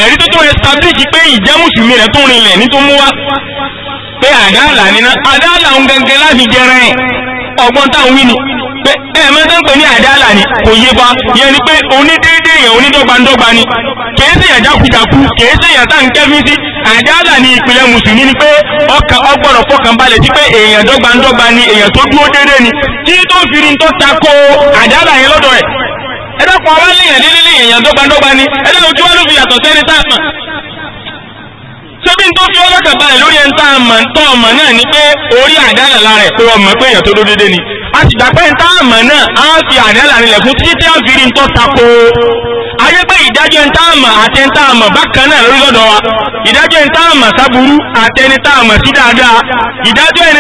ẹ̀rí tó tó establish pé ìjẹ́ mùsùlùmí rẹ̀ tó rinlẹ̀ ní tó mú wá pé àdáàlà ni náà àdáàlà ń gẹ́gẹ́ láti jẹrẹ ẹ̀ ọgbọ́n táwọn wí ni pé ẹ mẹ́ta ń pè ní àdáàlà ni kò yé wa yẹn ni pé onídéédéé yẹn onídọ́gbandọ́gba ni kìí sèyàn jákujàku kìí sèyàn tá ń kẹ́fín sí àdáàlà ni ìpìlẹ̀ mùsùlùmí ni pé ọkàn ọgbọ́dọ̀ fọkàn balẹ̀ sí pé èèyàn dọ́gbandọ́gba ni èèyàn tó dúró déédéé ni tí tó fi ní tó tako àdáàlà yẹn lọ́dọ̀ ẹ̀ ẹ̀dá kan wá níyàn ní nílé èèyàn dọ́gbandọ́gba ni ẹ̀dá ló kí wọ́n ló fi yàtọ̀ sẹ́ni tá a mọ̀. sẹ́bí tó fi ọlọ́kà balẹ̀ lórí ẹni tá a mọ̀ ń tọ́ ọmọ náà ni pé orí àdálà lára ẹ̀ pé ọmọ pé èèyàn tó dó dédé ni a sì gbà pé ń tá a mọ̀ náà á fi àdálà nílẹ̀ fún títí tí fi rí ń tako ayé pé ìdájọ́ ẹni tá a àti ẹni tá a bákan náà lórí lọ́dọ̀ wa ìdájọ́ ẹni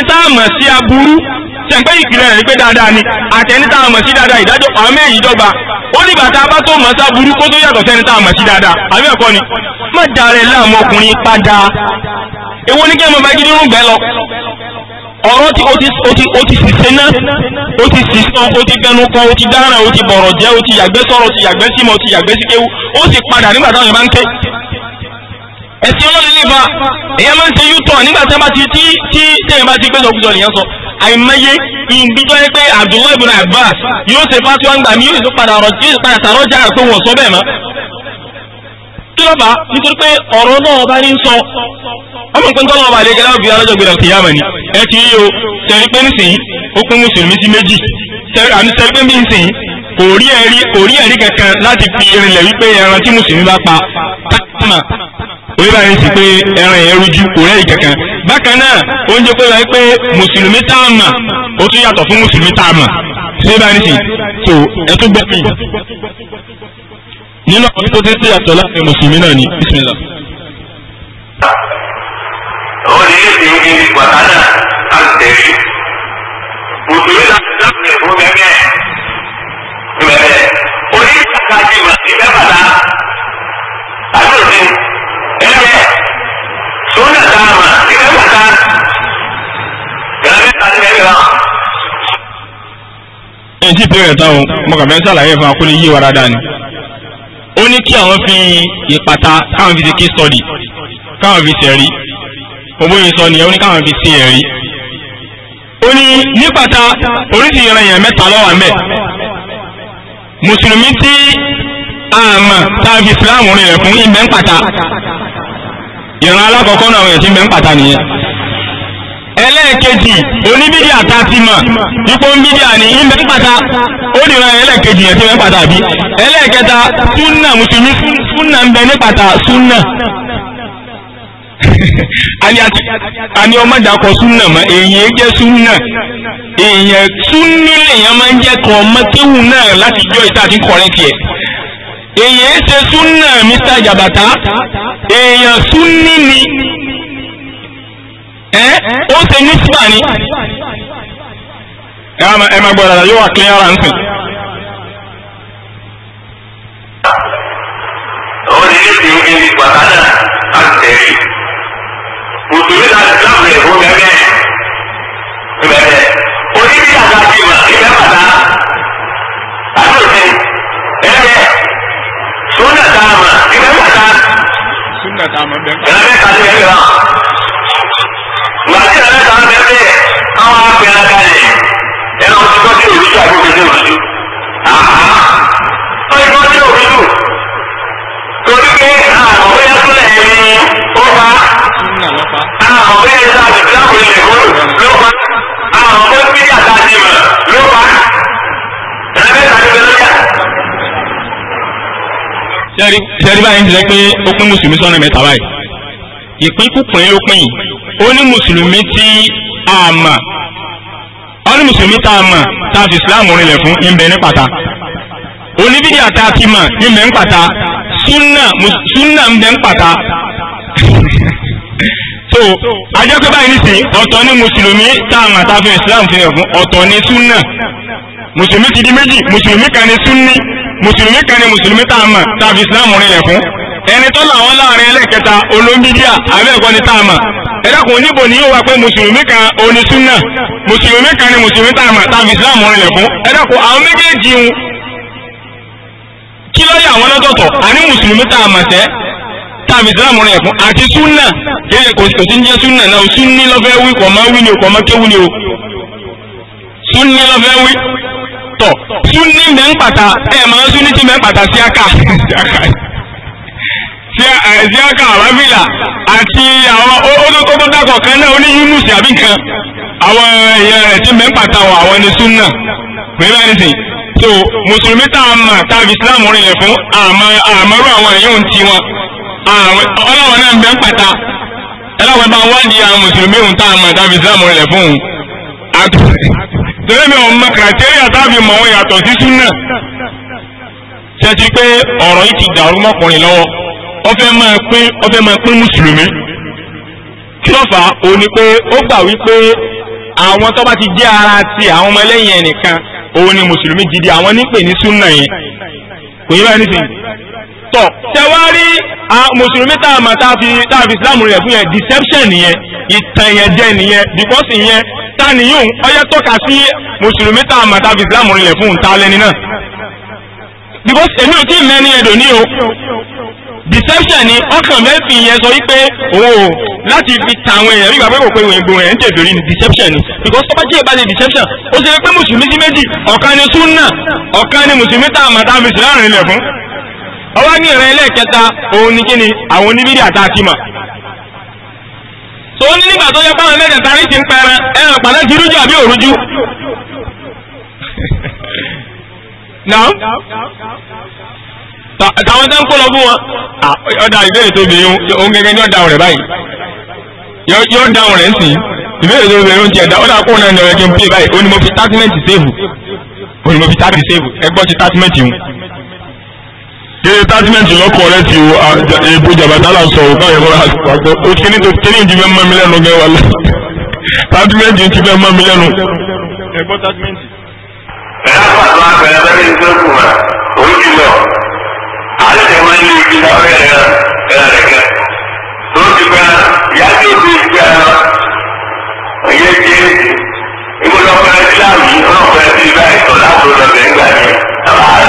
tá a sí aburú ṣẹ̀ǹpẹ́ ìpìlẹ̀ rẹ̀ ni pé dáadáa ni àtẹni tá a mọ̀ sí dáadáa ìdájọ́ àwọn méjì dọ́gba ó nígbà tá a bá tó mọ̀ sá burú kó tó yàtọ̀ sẹ́ni tá a mọ̀ sí dáadáa àbí ẹ̀kọ́ ni má da rẹ̀ láàmú ọkùnrin padà èwo ní kí ẹ mọ̀ bá gidi rún bẹ́ẹ̀ lọ ọ̀rọ̀ tí o ti o ti o ti sise ná o ti sisan o ti bẹnu kan o ti dára o ti bọ̀rọ̀ jẹ́ o ti yàgbẹ́ sọ̀rọ̀ o ti yàgbẹ́ símọ̀ o ti yàgbẹ́ síkéwu o ti padà nígbà táwọn yẹn bá ń ké ẹ̀sìn ọlọ́run lè fa èèyàn máa ń ṣe yútọ̀ nígbà tí a bá ti tí tí èèyàn bá ti gbé sọkúsọ nìyẹn sọ àìmọye ìbí tó yẹ pé Abdullahi ibn Abbas yóò ṣe fatuwa ńgbà mi yóò ṣe padà sàrọ́jà pé wọ́n sọ bẹ́ẹ̀ mọ́ kí ló bá nítorí pé ọ̀rọ̀ náà bá ní sọ ọmọ nǹkan tó lọ́wọ́ bá lè gẹ́gẹ́ bí ọlọ́jọ́ gbèrè ọ̀kì yàmà ni ẹ ti yí o tẹ̀rí pé nísìnyí ó pín mùsùlùmí sí méjì àmì tẹ̀rí pé bí nísìnyí kò rí ẹ̀rí kankan láti fi rinlẹ̀ wípé ẹran tí mùsùlùmí bá pa tá orí báyìí sì pé ẹran yẹn rújú kò rẹ́ẹ̀rì kankan bákan náà oúnjẹ pé wáyé pé mùsùlùmí tá a mà ó tún yàtọ̀ fún mùsùlùmí tá a mà ṣé báyìí sì tó ẹ tó gbọ́ pé nínú àwọn tó tẹ́tẹ́ yàtọ̀ láàrin mùsùlùmí náà ni bisimilá. ó ní ilé ìwé ní wàhálà àtẹ̀rí mùsùlùmí náà ti dáhùn ẹ̀fọ́ mẹ́mẹ́ mẹ́mẹ́ oníṣàkájì màsí mẹ́fàlá àti òfin sunna taama ẹ wata gàmẹ ta ni ẹ yọ. ẹ ti bẹ̀rẹ̀ tán o mo kàn fẹ́ sàlàyé fún akólé yé wa dáadáa ni ó ní kí àwọn fi ìpàtà káwọn fi ṣe case study káwọn fi ṣẹ̀rí òbóyin sọ nìyẹn ó ní káwọn fi ṣe ẹ̀rí ó ní nípàtà oríṣiríṣi ìrànyàn mẹ́ta ló wà ń bẹ mùsùlùmí tí àmà tá a fi Islam rìn rẹ̀ fún ìmẹ̀ ń pàtà ìran alákọ̀ọ́kọ́ náà àwọn èsì mẹ́ ń pàtà nìyẹn ẹlẹ́ẹ̀kejì oníbídì àta ti mọ̀ ipò ń bídì àní ìmẹ́ ń pàtà ó nìran ẹlẹ́ẹ̀kejì yẹn tí mẹ́ ń pàtà bí ẹlẹ́ẹ̀kẹta súnà mùsùlùmí súnà ń bẹ ní pàtà súnà ani ọmọ dàkọ súnà mọ èyí jẹ súnà èyàn súnà lèyàn máa ń jẹ kọ ọmọ kéwù náà láti jọ ìta àti kọrin tiẹ èyàn ṣe súnà mr jabata èyàn súnni ni ẹ ó ṣe nísbà ni ẹ máa gbọ́ dáadáa yóò wà clear ara ń sìn. ṣẹ́rí báyìí ń jẹ́ pé ó pín mùsùlùmí sọ́nà mẹ́ta báyìí ìpínkùpín ló pín yìí ó ní mùsùlùmí tí a mà ó ní mùsùlùmí tá a mà tá a fi islam rinlẹ̀ fún ìbẹ̀ ní pàtà oníbíyà tá a ti mà ìbẹ̀ ní pàtà súnà súnà ń bẹ̀ ní pàtà so ajẹ́ pé báyìí nìsín ọ̀tọ̀ ní mùsùlùmí tá a mà tá a fi islam fi hàn fún ọ̀tọ̀ ní súnà mùsùlùmí ti di méjì mùsùlùmí kan ní súnni mùsùlùmí kan ni mùsùlùmí ta a mọ̀ tá a fi islam rinlẹ̀ fún ẹni tó làwọn láàrin ẹlẹ́kẹta olóńbíbíà abẹ́ẹ̀kọ́ ni tá a mọ̀ ẹ dákun níbo ni yóò wá pé mùsùlùmí kan oní súnà mùsùlùmí kan ni mùsùlùmí tá a mọ̀ tá a fi islam rinlẹ̀ fún ẹ dákun àwọn méjèèjì ń kí lọ́ọ̀yà àwọn lọ́tọ̀ọ̀tọ̀ àní mùsùlùmí tá a sẹ́ tá fi islam rinlẹ̀ fún àti súnà kéde kò sí jẹ́ súnà náà súnni lọ́fẹ́ wí kọ̀ máa wí ni o kọ̀ máa kéwu ni o súnni lọ́fẹ́ wí tọ̀ súnni mẹ́ ń pàtà ẹ̀ máa súnni tí mẹ́ ń pàtà sí àkà sí àkà àbábìlà àti àwọn olókókó dàpọ̀ kan náà oní yunus àbí nǹkan àwọn èèyàn rẹ̀ tí mẹ́ ń pàtà wọ àwọn ẹni súnà pẹ̀lú ẹnìsìn so mùsùlùmí tá a mà tá a fi islam rìn yẹn fún àmọ́rú àwọn èèyàn ń ti wọn ọlọ́wọ́n náà mẹ́ ń pàtà ẹlọ́wọ́n bá wá di àwọn mùsùlùmí òun tá a mà tá a fi islam rìn yẹn fún un torí mi ò mọ kìrìtẹ́ríà táàbì mọ̀ wọn yàtọ̀ sí súnà ṣẹ́sí pé ọ̀rọ̀ yìí ti dàrú mọ́kùnrin lọ́wọ́ ọfẹ́ máa pín ọfẹ́ máa pín mùsùlùmí kí ló fà á ó ní pé ó gbà wípé àwọn tó bá ti jẹ́ ara ti àwọn ọmọ ẹlẹ́yìn ẹnìkan òun ni mùsùlùmí gidi àwọn nípè ní súnà yẹn kò yẹ báyìí nísìnyí tọ̀ tẹwárí mùsùlùmí tá a mà tá a fi tá a fi islam rẹ̀ fún yẹn deception nìyẹn ìtànyẹ̀jẹ̀ nìyẹn because ìyẹn tàníyùn ọyẹ tọ́ka sí mùsùlùmí tá a mà tá a fi islam rẹ̀ fún ta náà because èmi ò tí ì mẹ́ni ẹ̀dọ̀ ní o deception ni ọkàn bẹ́ẹ̀ fi yẹn sọ wípé òun o láti fi ta àwọn èèyàn nígbà pé kò pé òyìnbó ẹ̀ ń tèbèrè ní deception ni because tó bá jẹ́ ìbáṣe deception ó ṣe pé mùsùlùmí sí méjì ọ̀kan ni sunna ọ̀kan ni mùsùlùmí tá a mà tá a fi sí láàrin fún ọwọ́ ní ìran ẹlẹ́ẹ̀kẹta òun ni kí ni àwọn oníbírí àtàkì mà tó ní nígbà tó yẹ báwọn ẹlẹ́ẹ̀kẹta rí ti ń pẹran ẹran pàdé ti rújú àbí òrújú náà tàwọn tẹ́ ń kó lọ fún wọn ọ̀dà ìbéèrè tó bìnrin òun gẹ́gẹ́ ní ọ̀dà rẹ̀ báyìí yóò dáhùn rẹ̀ ń sìn ìbéèrè tó bìnrin ti ẹ̀dá ọ̀dà kóun náà ní ọ̀rẹ́ kí n pè báyìí ó ní mo fi tátímẹ́ǹtì séèvù ó ní mo fi tátímẹ́ǹtì séèvù ẹgbọ́n ti tátímẹ́ǹtì hùn yẹ lọ kọ̀rẹ́tì o èbó jàbàtà là sọ o káyọ̀ kọ́ra àgbọ̀ o kíní tó kíní ti fẹ́ mọ́ mi lẹ́nu gẹ́ wa lọ tátímẹ̀ntì ti fẹ́ mọ́ mi lẹ́nu. ẹ gbọ́ tátímẹ̀ntì. ẹ̀rọ àpàtàn àpẹẹrẹ lẹ́yìn tó kù mà ó jù lọ àlejò máa ń lé ibi náà rẹ̀ rẹ̀ rẹ̀ rẹ̀ kẹ́ tó ti gbà yájú òbí gbà ẹ̀yẹ jẹ́ ìgbọ́dọ̀ pẹ̀lú ìlànà ìgbọ́dọ̀ pẹ̀lú ìlànà ìtọ́lá tó lọ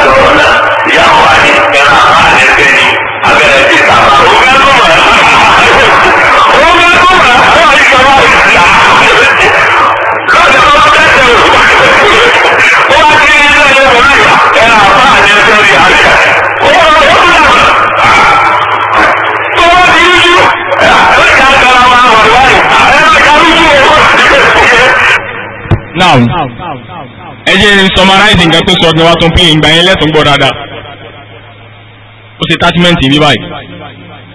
now ẹ jẹ́ sọmaráìsì nǹkan tó sọ ní wa tó ń pín ìgbà yẹn lẹ́tọ̀ọ́ gbọ́ dáadáa ó ṣe tátímẹ́ǹtì bí báyìí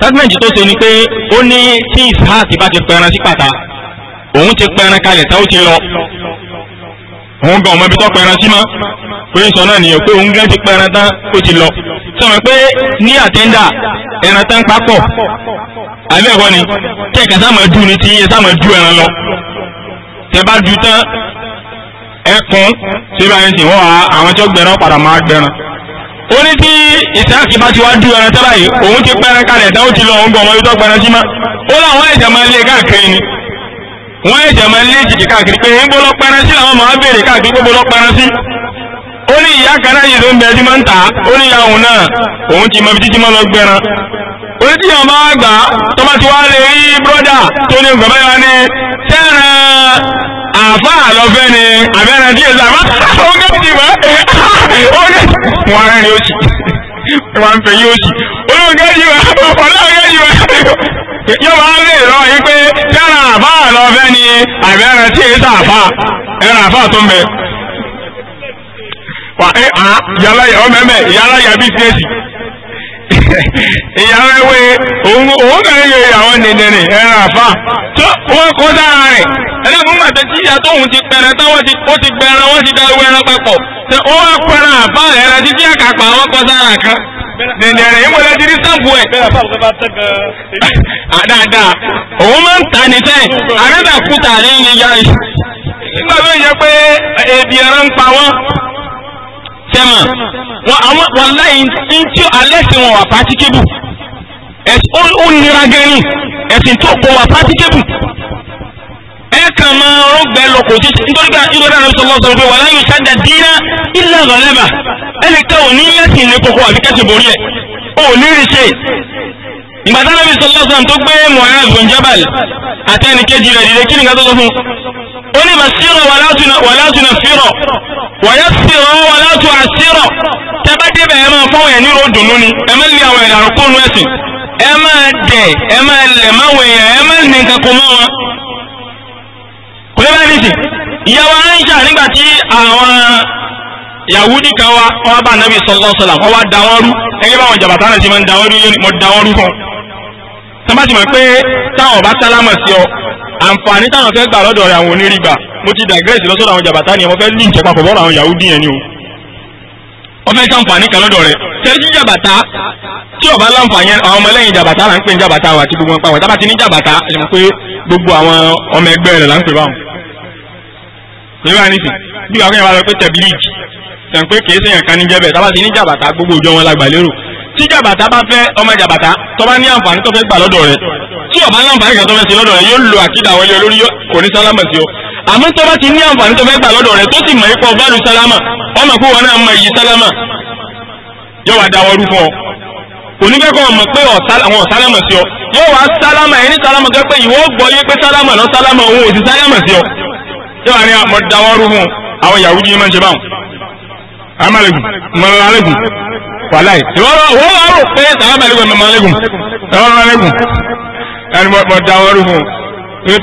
tátímẹ́ǹtì tó ṣe ni pé ó ní tí ìsáàtì bá ti pẹran sí pàtà òun ti pẹran kalẹ̀ tá ó ti lọ òun gan ọmọ ibi tó pẹran sí mọ́ pé ń sọ náà nìyẹn pé òun gan ti pẹran tán ó ti lọ sọ̀rọ̀ pé ní àtẹ́ndà ẹran tán papọ̀ àbẹ́ẹ̀kọ́ ni kí ẹ̀ka sáà máa dú ni tí ẹ sáà máa dú ẹran lọ tẹ bá dú tán ẹkún síbi àyè sìn wọ́n wá àwọn tó gbẹran padà máa gbẹran. ó ní tí ìsáàkì bá ti wá dú ẹran tẹ́lá yìí òun ti pẹ́ran kalẹ̀ tán ó ti lọ òun gbọ́ ọmọ ibi tó gbẹran sí ma ó láwọn ẹ̀jẹ̀ máa lé káàkiri ni wọ́n ẹ̀jẹ̀ máa lé jìjì káàkiri pé ń bọ́lọ́ pẹ́ran sí làwọn máa béèrè káàkiri pé pẹ́ran sí. ó ní ìyá yìí àfá àlọ́fẹ́ ni àbẹ́rẹ́ díẹ̀ sàmá ọgá ti mọ́ ọgá wọn rẹ̀ ni ó sì wọn fẹ́ yóò sì olóńgá ti mọ́ ọlọ́ọ̀gá ti mọ́ yóò máa lè rọ yín pé yára àfá àlọ́fẹ́ ni àbẹ́rẹ́ tí èyí sàfá ẹ̀rọ àfá tó ń bẹ. wà ẹ à yàrá yà ọmọ ẹmẹ yàrá yà bí tíyẹsì ìyàwó ẹwé òun òun kàn ń yọ ìyàwó nìdẹ̀rẹ̀ ẹ̀rọ àfá tó wọn kó dára rẹ̀ ẹ̀rẹ́ mú màtẹ́ tí ìyá tóun ti pẹ̀rẹ̀ táwọn ti ó ti gbẹ̀rẹ̀ wọ́n ti darú ẹran papọ̀ tẹ ó wá pẹ̀rẹ̀ àbá ẹ̀rẹ́ títí àkàpà àwọn kọ sára kan dẹ̀dẹ̀rẹ̀ yín wọlé dídí sáàbù ẹ̀. Ah, ah, dáadáa òun máa ń ta ní sẹ́ẹ̀ àrẹ́dà kúta ní yíyá yìí. nígbà tó yẹ pé èdè ẹran ń pa wọ́n tẹ́mà àwọn wàláyé tí alẹ́ sí wọn wà pátíkébù ó nira gẹ́rin ẹ̀sìn tó kọ wà pátíkébù ẹ kàn máa rọgbẹ lọ kò tí nítorí pé nítorí àwọn ìṣòwò sọ pé wàhálà yóò ṣáájà dínà ilé ọ̀gọ̀lẹ́bà ẹnìkan ò ní yẹ́sìn ní kókó àbí kẹ́sì borí ẹ̀ ò ní rí ṣe ìgbà tí alábi sọlá sàn tó gbé Mu'adh bin Jabal àti ẹnìkejì rẹ̀ dìde kí ni ká tó sọ fún ó ní bàṣírọ̀ wàlátùnà fírọ̀ wàyà sírọ̀ wàlátù àṣírọ̀ tẹ́bá débẹ̀ ẹ máa kò sí báyìí nìsín ìyàwó Aisha nígbà tí àwọn Yahudi kan wá wọn bá Nabi sallallahu alaihi wasallam wọn wá da wọn rú ẹgbẹ́ báwọn jàbàtà náà ti máa ń da wọn rú yóò mọ da wọn rú fún un sábàtì mọ̀ pé táwọn bá sálámà sí ọ àǹfààní táwọn fẹ́ gbà lọ́dọ̀ rẹ̀ àwọn onírìgbà mo ti dàgẹ́sì lọ́sọ̀rọ̀ àwọn jàbàtà ni wọ́n fẹ́ ní ìjẹ́pà pọ̀ bọ́ọ̀rọ̀ àwọn Yahudi yẹn ni o wọ́n fẹ́ sáǹfààní kan lọ́dọ̀ rẹ̀ tẹ́lifí jàbàtà tí ọba láǹfààní àwọn ọmọlẹ́yìn jàbàtà là ń pè ní jàbàtà wa àti gbogbo wọn pa wọn tábàtì ní jàbàtà ẹ̀ mọ̀ pé gbogbo àwọn ọmọ ẹgbẹ́ rẹ̀ là ń pè báwọn pé bá nísìn bí wàá kẹ́yìn bá lọ pé tẹ̀bílíìgì tẹ̀ ń pé kìí sèyàn kan ní jẹ́bẹ̀ tá bá ti ní jàbàtà gbogbo òjò wọn lágbà lérò tí jàbàtà bá fẹ́ ọmọ jàbàtà tó bá ní àǹfààní tó fẹ́ gbà lọ́dọ̀ rẹ̀ tí ọba láǹfààní kan tó fẹ́ sí lọ́dọ̀ rẹ̀ yóò lo àkídà wọlé olórí kò ní sálámà sí ọ àmọ́ tó bá ti ní àǹfààní tó fẹ́ gbà lọ́dọ̀ rẹ̀ tó sì mọ̀ ipò bá lu sálámà ọmọ pé wọn náà mọ èyí sálámà pé àwọn sálámà sí ọ yóò wá sálámà ẹni sálámà tó pé ìwọ gbọ́ yé pé sálámà lọ sálámà òun ò sì sálámà sí ọ tí wàá ní àmọ̀dáwọ́rú fún àwọn Yahudi máa ń ṣe báwọn amalegun mọ̀lẹ́lẹ́gùn wàláì ìwọ́n wọ́n wọ́n rò pé sàlámàlẹ́gùn mọ̀lẹ́lẹ́gùn mọ̀lẹ́lẹ́gùn ẹni mọ̀dáwọ́rú fún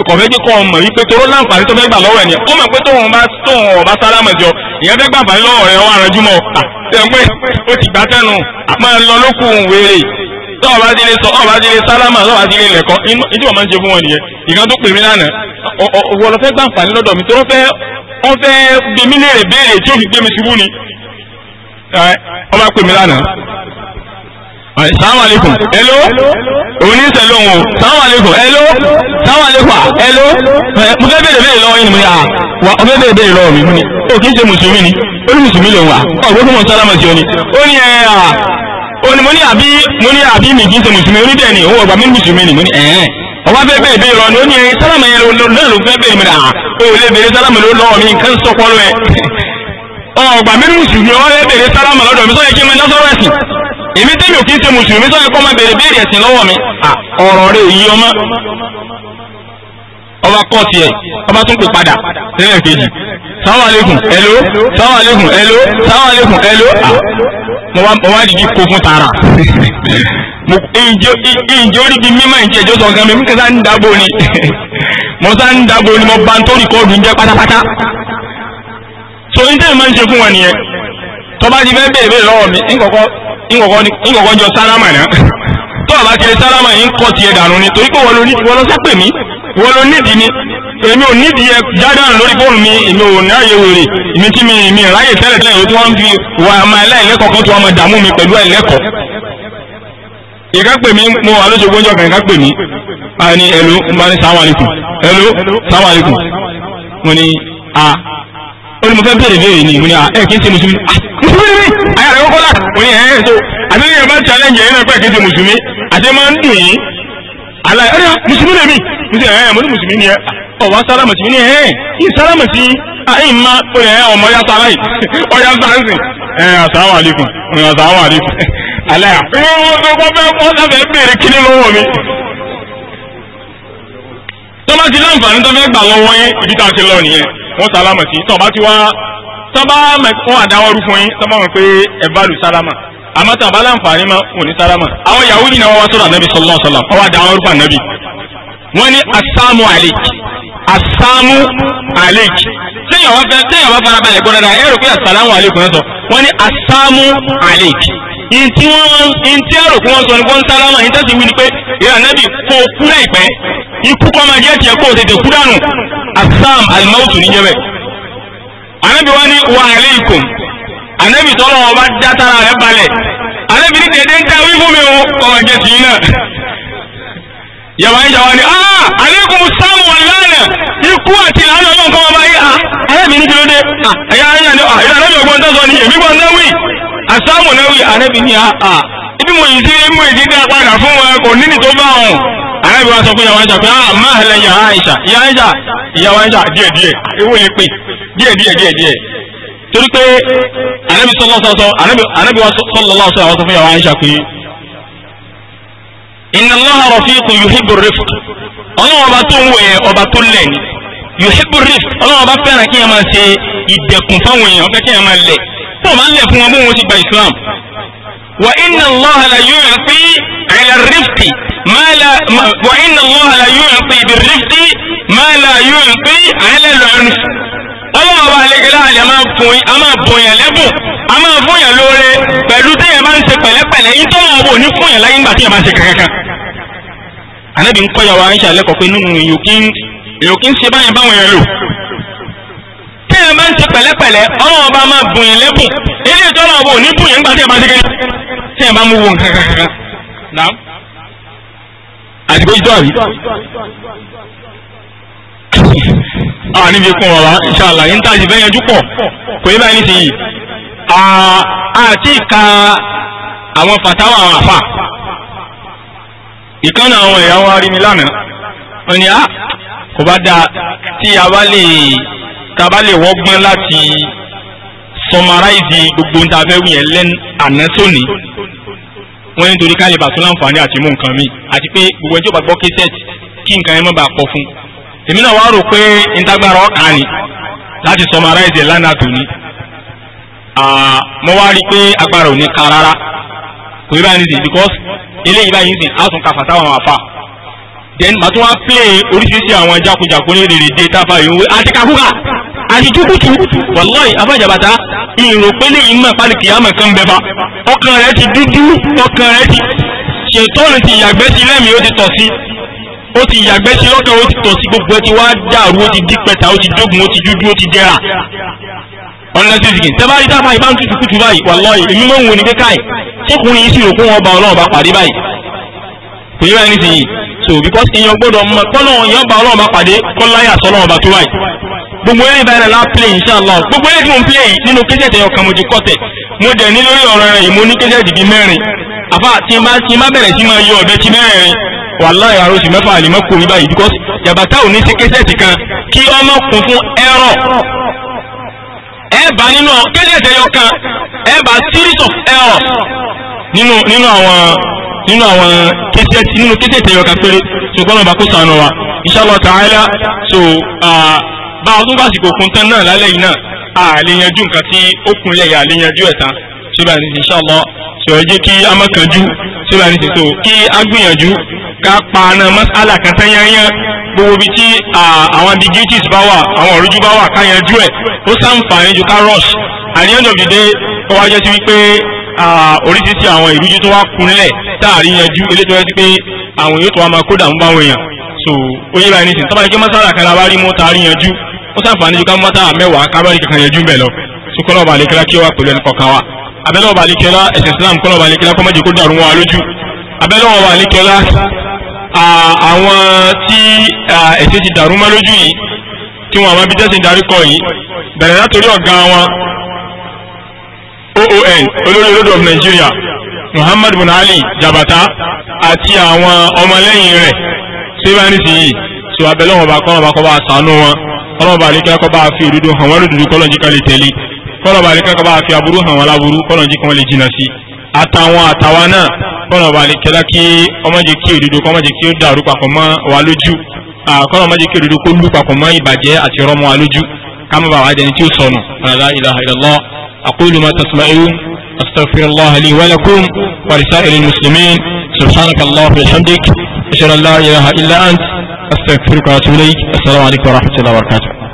kọ̀fẹ́ jẹ́ kọ́ ọmọ yìí pé toró láǹfààní tó fẹ́ gbà lọ́wọ́ ẹ̀ ni ó mọ̀ pé tóun bá tóun ọba sálámà jọ ìyẹn fẹ́ gbà báyìí lọ́wọ́ rẹ̀ wọ́n arajúmọ̀ ọ̀pá tẹ̀ ń pé ó ti gbà tẹ́nu àmọ́ ẹ lọ lókùn wèrè tọ́wọ́ bá délé sọ ọ̀bá délé sálámà tọ́wọ́ bá délé lẹ́kọ́ ní tí wọ́n máa ń ṣe fún wọn nìyẹn ìkan tó pè mí lánàá ọ̀wọ́ lọ fẹ́ gbà nfààní lọ́dọ̀ mi tó wọ́n fẹ́ wọ́n fẹ́ gbé mí léèrè béèrè tí ó fi gbé mi ṣubú ni ọba pè mí lánàá. sàmàlẹ́kùn hello òní ìṣẹ̀lẹ̀ òun o sàmàlẹ́kùn hello sàmàlẹ́kùn ah, hello mo fẹ́ béèrè béèrè lọ́wọ́ yín ni ah, mo fẹ́ béèrè béèrè lọ́wọ́ mi mo ní o kì í ṣe mùsùlùmí ni o ní mùsùlùmí lòun wa ah, ọ̀gbọ́n fún mọ̀ sálámà sí ọ ni o ní ẹ̀ ó ní mo ní àbí mo ní àbí mi kì í ṣe mùsùlùmí orí bẹ́ẹ̀ ni òun ọgbà mi ní mùsùlùmí ni mo ní ẹ̀ẹ́n ọba bẹ́ẹ̀ bẹ́ẹ̀ bẹ́ẹ̀ rọ ni ó ní ẹyin sálámà yẹn náà ló fẹ́ bẹ́ẹ̀ mi náà ó lè bèrè sálámà ló lọ́wọ́ mi nǹkan sọ́kọ́lọ́ ẹ̀ ọgbà mi ní mùsùlùmí ọwọ́ bẹ́ẹ̀ bèrè sálámà lọ́dọ̀ mi sọ́yẹ kí n máa lọ́sọ́rọ́ ẹ̀sìn sáwàlékùn ẹ̀ló sáwàlékùn ẹ̀ló sáwàlékùn ẹ̀ló mo wá dìdí kó fún tara ìjọ orí bíi mímọ ìjẹ ìjọ sọ nǹkan mi kí n sá ń dábò ni mo sá ń dábò ni mo bá ń tó rìkọ́ọ̀dù ń jẹ pátápátá so n tẹ́ ẹ̀ máa ń ṣe fún wọn nìyẹn tọ́ba ti fẹ́ bèèrè lọ́wọ́ mi nkọ̀kọ́ jọ sálámà náà tọ́ba ti lè sálámà yìí ń kọ́ tiẹ̀ dànù ni torí pé wọ́n ló sápè mí wọ́n ló nídìí ni èmi ò nídìí ẹ jádàrà lórí fóònù mi èmi ò ní àyè wèrè èmi tí mi mi ráyè tẹ́lẹ̀ tẹ́lẹ̀ tí wọ́n fi wà máa ẹlẹ́ẹ̀lẹ́kọ̀ọ́ kan tí wọ́n máa dààmú mi pẹ̀lú ẹ̀lẹ́kọ̀ọ́. ìka pè mí mo wà lóṣogbo oúnjẹ ọkàn ìka pè mí a ní ẹ̀lú ń ní sàwọn àlekùn ẹ̀lú sàwọn àlekùn mo ní a ó ní mo fẹ́ bèrè bèrè ni mo ní a ẹ̀ kí n ṣe mùsùlùmí mùsùlùmí àti ní máa ń dùn yín ṣe ẹ̀ mo ní mùsùlùmí ni ẹ ọ̀wá sálámù sí ní ẹ̀ yìí sálámù sí àyìn má ọ̀yà ọmọ ya sára yìí ọ̀yà sára sí ẹ̀ assalamu alaikum ọ̀yà assalamu alaikum aláyà. wọ́n tó kọ́ fẹ́ kọ́ sáfẹ́ béèrè kíní lọ́wọ́ mi. tọ́ba ti láǹfààní tó fẹ́ gbà lọ́wọ́ yẹn ibi tá a ti lọ nìyẹn wọ́n sálámù sí tọ́ba ti wá tọ́ba wọn àdáwọ́rú fún yín tọ́ba wọn pé ẹ̀ bá lù sálámù àmọ́ tàbá láǹfààní máa ń wò ní sálámà àwọn yahudi náà wọ́n wá sọ́dọ̀ ànábì sallallahu wọ́n wá dáhùn rúpa ànábì wọ́n ní asámù àlejì asámù àlejì téèyàn wá fẹ́ téèyàn wá fara balẹ̀ gbọ́dọ̀ dáa ẹ̀rọ pé asàlámù àlejì wọ́n sọ wọ́n ní asámù àlejì ntí wọ́n ntí ẹ̀rọ kí wọ́n sọ ní kó ń sálámà yìí tẹ́sí wí ni pé ìrànlẹ́bì kó o kú láìpẹ́ ikú kọ́ máa jẹ́ tiẹ̀ kó o tètè kú dànù asám alimawusu níjẹ́ bẹ́ẹ̀. anabi wa ni wa aleikum anabi tọ́lọ́ ọba dátara rẹ̀ balẹ̀ anabi ní dédé ń ta wí fún mi o kọ́ yàwá ń yàwá ni ah alaikum sáàmù ọ̀lànà ikú àti ìlànà ọlọ́run kọ́ ọba yìí ah ẹ̀yẹ́mi ní kílódé ah ẹ̀yà ẹ̀yà ni ah ìlànà ọlọ́run ọgbọ́n tó sọ ni èmi gbọ́n náwì àsáàmù náwì àrẹ́bì ni ah ah ibi mo yìí sí mo yìí sí dá padà fún wọn kò níní tó bá wọn àrẹ́bì wa sọ pé yàwá ìjà pé ah má hẹlẹ yàwá ìjà yàwá ìjà yàwá ìjà díẹ̀ díẹ̀ ewu ni pé díẹ̀ díẹ̀ díẹ̀ díẹ̀ torí pé àrẹ́bì sọlọ́sọ̀sọ àrẹ́bì wa sọlọ́sọ̀ inna Allaha rafiqun yuhibbu rifq ọlọ́wọ́n ọba tó ń wẹ̀ ọba tó lẹ̀ ni yuhibbu rifq ọlọ́wọ́n ọba fẹ́ràn kí ẹ máa ṣe ìdẹ̀kùn fáwọn èèyàn fẹ́ kí ẹ máa lẹ̀ tó máa ń lẹ̀ fún wọn bó wọn ti gba Islam wa inna Allaha la yu'ti 'ala ar-rifq ma wa inna Allaha la yu'ti bir-rifq ma la yu'ti 'ala al-'urf ọlọ́wọ́n ọba àlẹ́gẹ́lá àlẹ́ máa bọ̀yàn lẹ́bùn àmọ́ fúnyàn lóore pẹ̀lú téèyàn bá ń ṣe pẹ̀lẹ́pẹ̀lẹ́ yín tó wọn wò ní fúnyàn láyé ńgbà téèyàn bá ń ṣe kankan. ànábì ń kọ́yàwó àyíṣà lẹ́kọ̀ọ́ pé nínú ìyókì ń ṣe báyẹn báwọn yẹn lò. téèyàn bá ń ṣe pẹ̀lẹ́pẹ̀lẹ́ ọmọ ọba máa bùn yẹn lẹ́bùn ilé ìtọ́nà ọba ò ní bùn yẹn ńgbà téèyàn bá ń ṣe kankan. téèyàn bá mú wo nǹkan kankan. a níbi kún ọ̀rá inshallah yín tá a sì fẹ́ yanjú pọ̀ kò yẹ àti ìka àwọn fàtàwà àfà ìkànnà àwọn ẹ̀yà wa rí mi lánàá wọn a ah, kò bá dáa tí a bá lè tá a bá lè wọ́gbọ́n láti sọmaráìsì gbogbo ń ta fẹ́ wù yẹn lẹ́nu àná sóni wọ́n ní torí ká lè bàtún láǹfààní àti mú nǹkan mi àti pé gbogbo ẹjọ́ bá gbọ́ késẹ́ẹ̀tì kí nǹkan yẹn má bàa pọ̀ fún èmi náà wá rò pé ntagbára ọ̀kan ni láti sọmaráìsì ẹ̀ lánàá tòní Ah, mo wá rí i pé agbára ò ní ka rárá kò ní báyìí nìyí because eléyìí báyìí nìyí á tún ka fàtà àwọn àfà then màá tún wá play oríṣiríṣi àwọn jákujàku ní rèrè dé tá a bá yòówó àti kakúkà àti tukutu wàláì abájàbàtà ìrò pé lẹ́yìn mọ̀ pálíkì àmọ̀ kan bẹ́ẹ̀ bá ọkàn rẹ̀ ti dúdú ọkàn rẹ̀ ti ṣètọ́nù ti yàgbẹ́ sí lẹ́mìí ó ti tọ̀ sí ó ti yàgbẹ́ sí lọ́kàn ó ti tọ̀ sí gbogbo ẹ ti wá dàrú ó ti dípẹ̀tà ó ti dógun ó ti dúdú ó ti dẹ́ra ọ̀nà tí ìsìnkì tẹ́bá rí dáfà ìbá ń tutù kùtù báyìí wallahi èmi mọ́ ń wo ni pé káì ṣékùnrin yìí sì rò fún ọba ọlọ́ọ̀bá pàdé báyìí kò yíra ẹni sìnyí so because èèyàn gbọ́dọ̀ mọ kọ́nà èèyàn ọba ọlọ́ọ̀bá pàdé kọ́láyà sọlọ́ọ̀bá tó báyìí gbogbo eré ìbáyìí náà play inshallah gbogbo eré tí mo ń play nínú kéjẹ̀tẹ̀ ọkàn mo ti kọ́tẹ̀ mo dẹ̀ ní lórí ọ̀rọ̀ rẹ̀ mo ní kéjẹ̀tì bíi mẹ́rin àfa tí n bá tí n bá bẹ̀rẹ̀ sí máa yọ ọ̀bẹ tí mẹ́rin wàláì àròsì mẹ́fà àlè mọ́kùnrin báyìí because yàbàtà ò ní sí kéjẹ̀tì kan kí ọmọ kún fún ẹ̀rọ ẹ̀bà nínú kéde ẹ̀yọ kan ẹ̀bà series of error nínú nínú àwọn nínú àwọn kéde nínú kéde ẹ̀yọ kan péré ṣùgbọ́n ọba kó sànù wa inshallah ta'ala so bá a tún bá sì kò kún tán náà lálẹ́ yìí náà a lè yanjú nǹkan tí ó kún ilẹ̀ yà a lè yanjú ẹ̀ tán ṣé inshallah so ẹ jẹ́ kí a má kanjú ṣé báyìí so kí a gbìyànjú ká pa aná masala kan tán yányán gbogbo ibi tí àwọn digitis bá wà àwọn òrújú bá wà ká yanjú ẹ̀ ó sàǹfààní ju ká rush at the end of the day ó wá jẹ́ sí wípé oríṣiríṣi àwọn ìrújú tó wá kúnlẹ̀ táàrí yanjú eléyìí tó wá sí pé àwọn yóò tó wá máa kó dààmú báwọn èèyàn so ó yẹ báyìí nísìnyí tọ́ba ike masala kan la wá rí mú táàrí yanjú ó sàǹfààní ju ká mọ́tà mẹ́wàá kábàárì kankan yanjú bẹ́ẹ̀ lọ wa pẹ̀lú ẹnìkọ̀ọ̀kan wa abẹlẹ ọba alekela ẹsẹ islam kọlọ ọba alekela kọmọdé kó dàrú àwọn tí ẹ̀sìn ti dàrú mọ́ lójú yìí tí wọn àwọn abidẹ́sìn darí kọ yìí bẹ̀rẹ̀ látòrí ọ̀gá wọn OON olórí olódò of Nigeria Muhammad Bunali Jabata àti àwọn ọmọlẹ́yìn rẹ̀ síbáni sí yìí tí wàá bẹ̀rẹ̀ wọn bá kọ́ wọn bá kọ́ bá sànú wọn kọ́lọ́n bá àlékẹ́ kọ́ bá fi òdodo hàn wọ́n lódodo kọ́lọ́n jí lè tẹ̀lé kọ́lọ́n bá àlékẹ́ kọ́ bá fi aburú hàn wọ́n láburú kọ́lọ́n jí lè jìnnà sí àtàwọn àtàwa náà kọ́nà ọba àlekẹ́lá kí ọmọdé kí òdodo kọ́ ọmọdé kí ó dàrú papọ̀ mọ́ wa lójú kọ́nà ọmọdé kí òdodo kó lù papọ̀ mọ́ ìbàjẹ́ àti rọ́mọ wa lójú ká má bàa wá dẹni tí ó sọnù la ilaha illallah aqulu ma tasma'un astaghfirullah li wa lakum wa lisairil muslimin subhanaka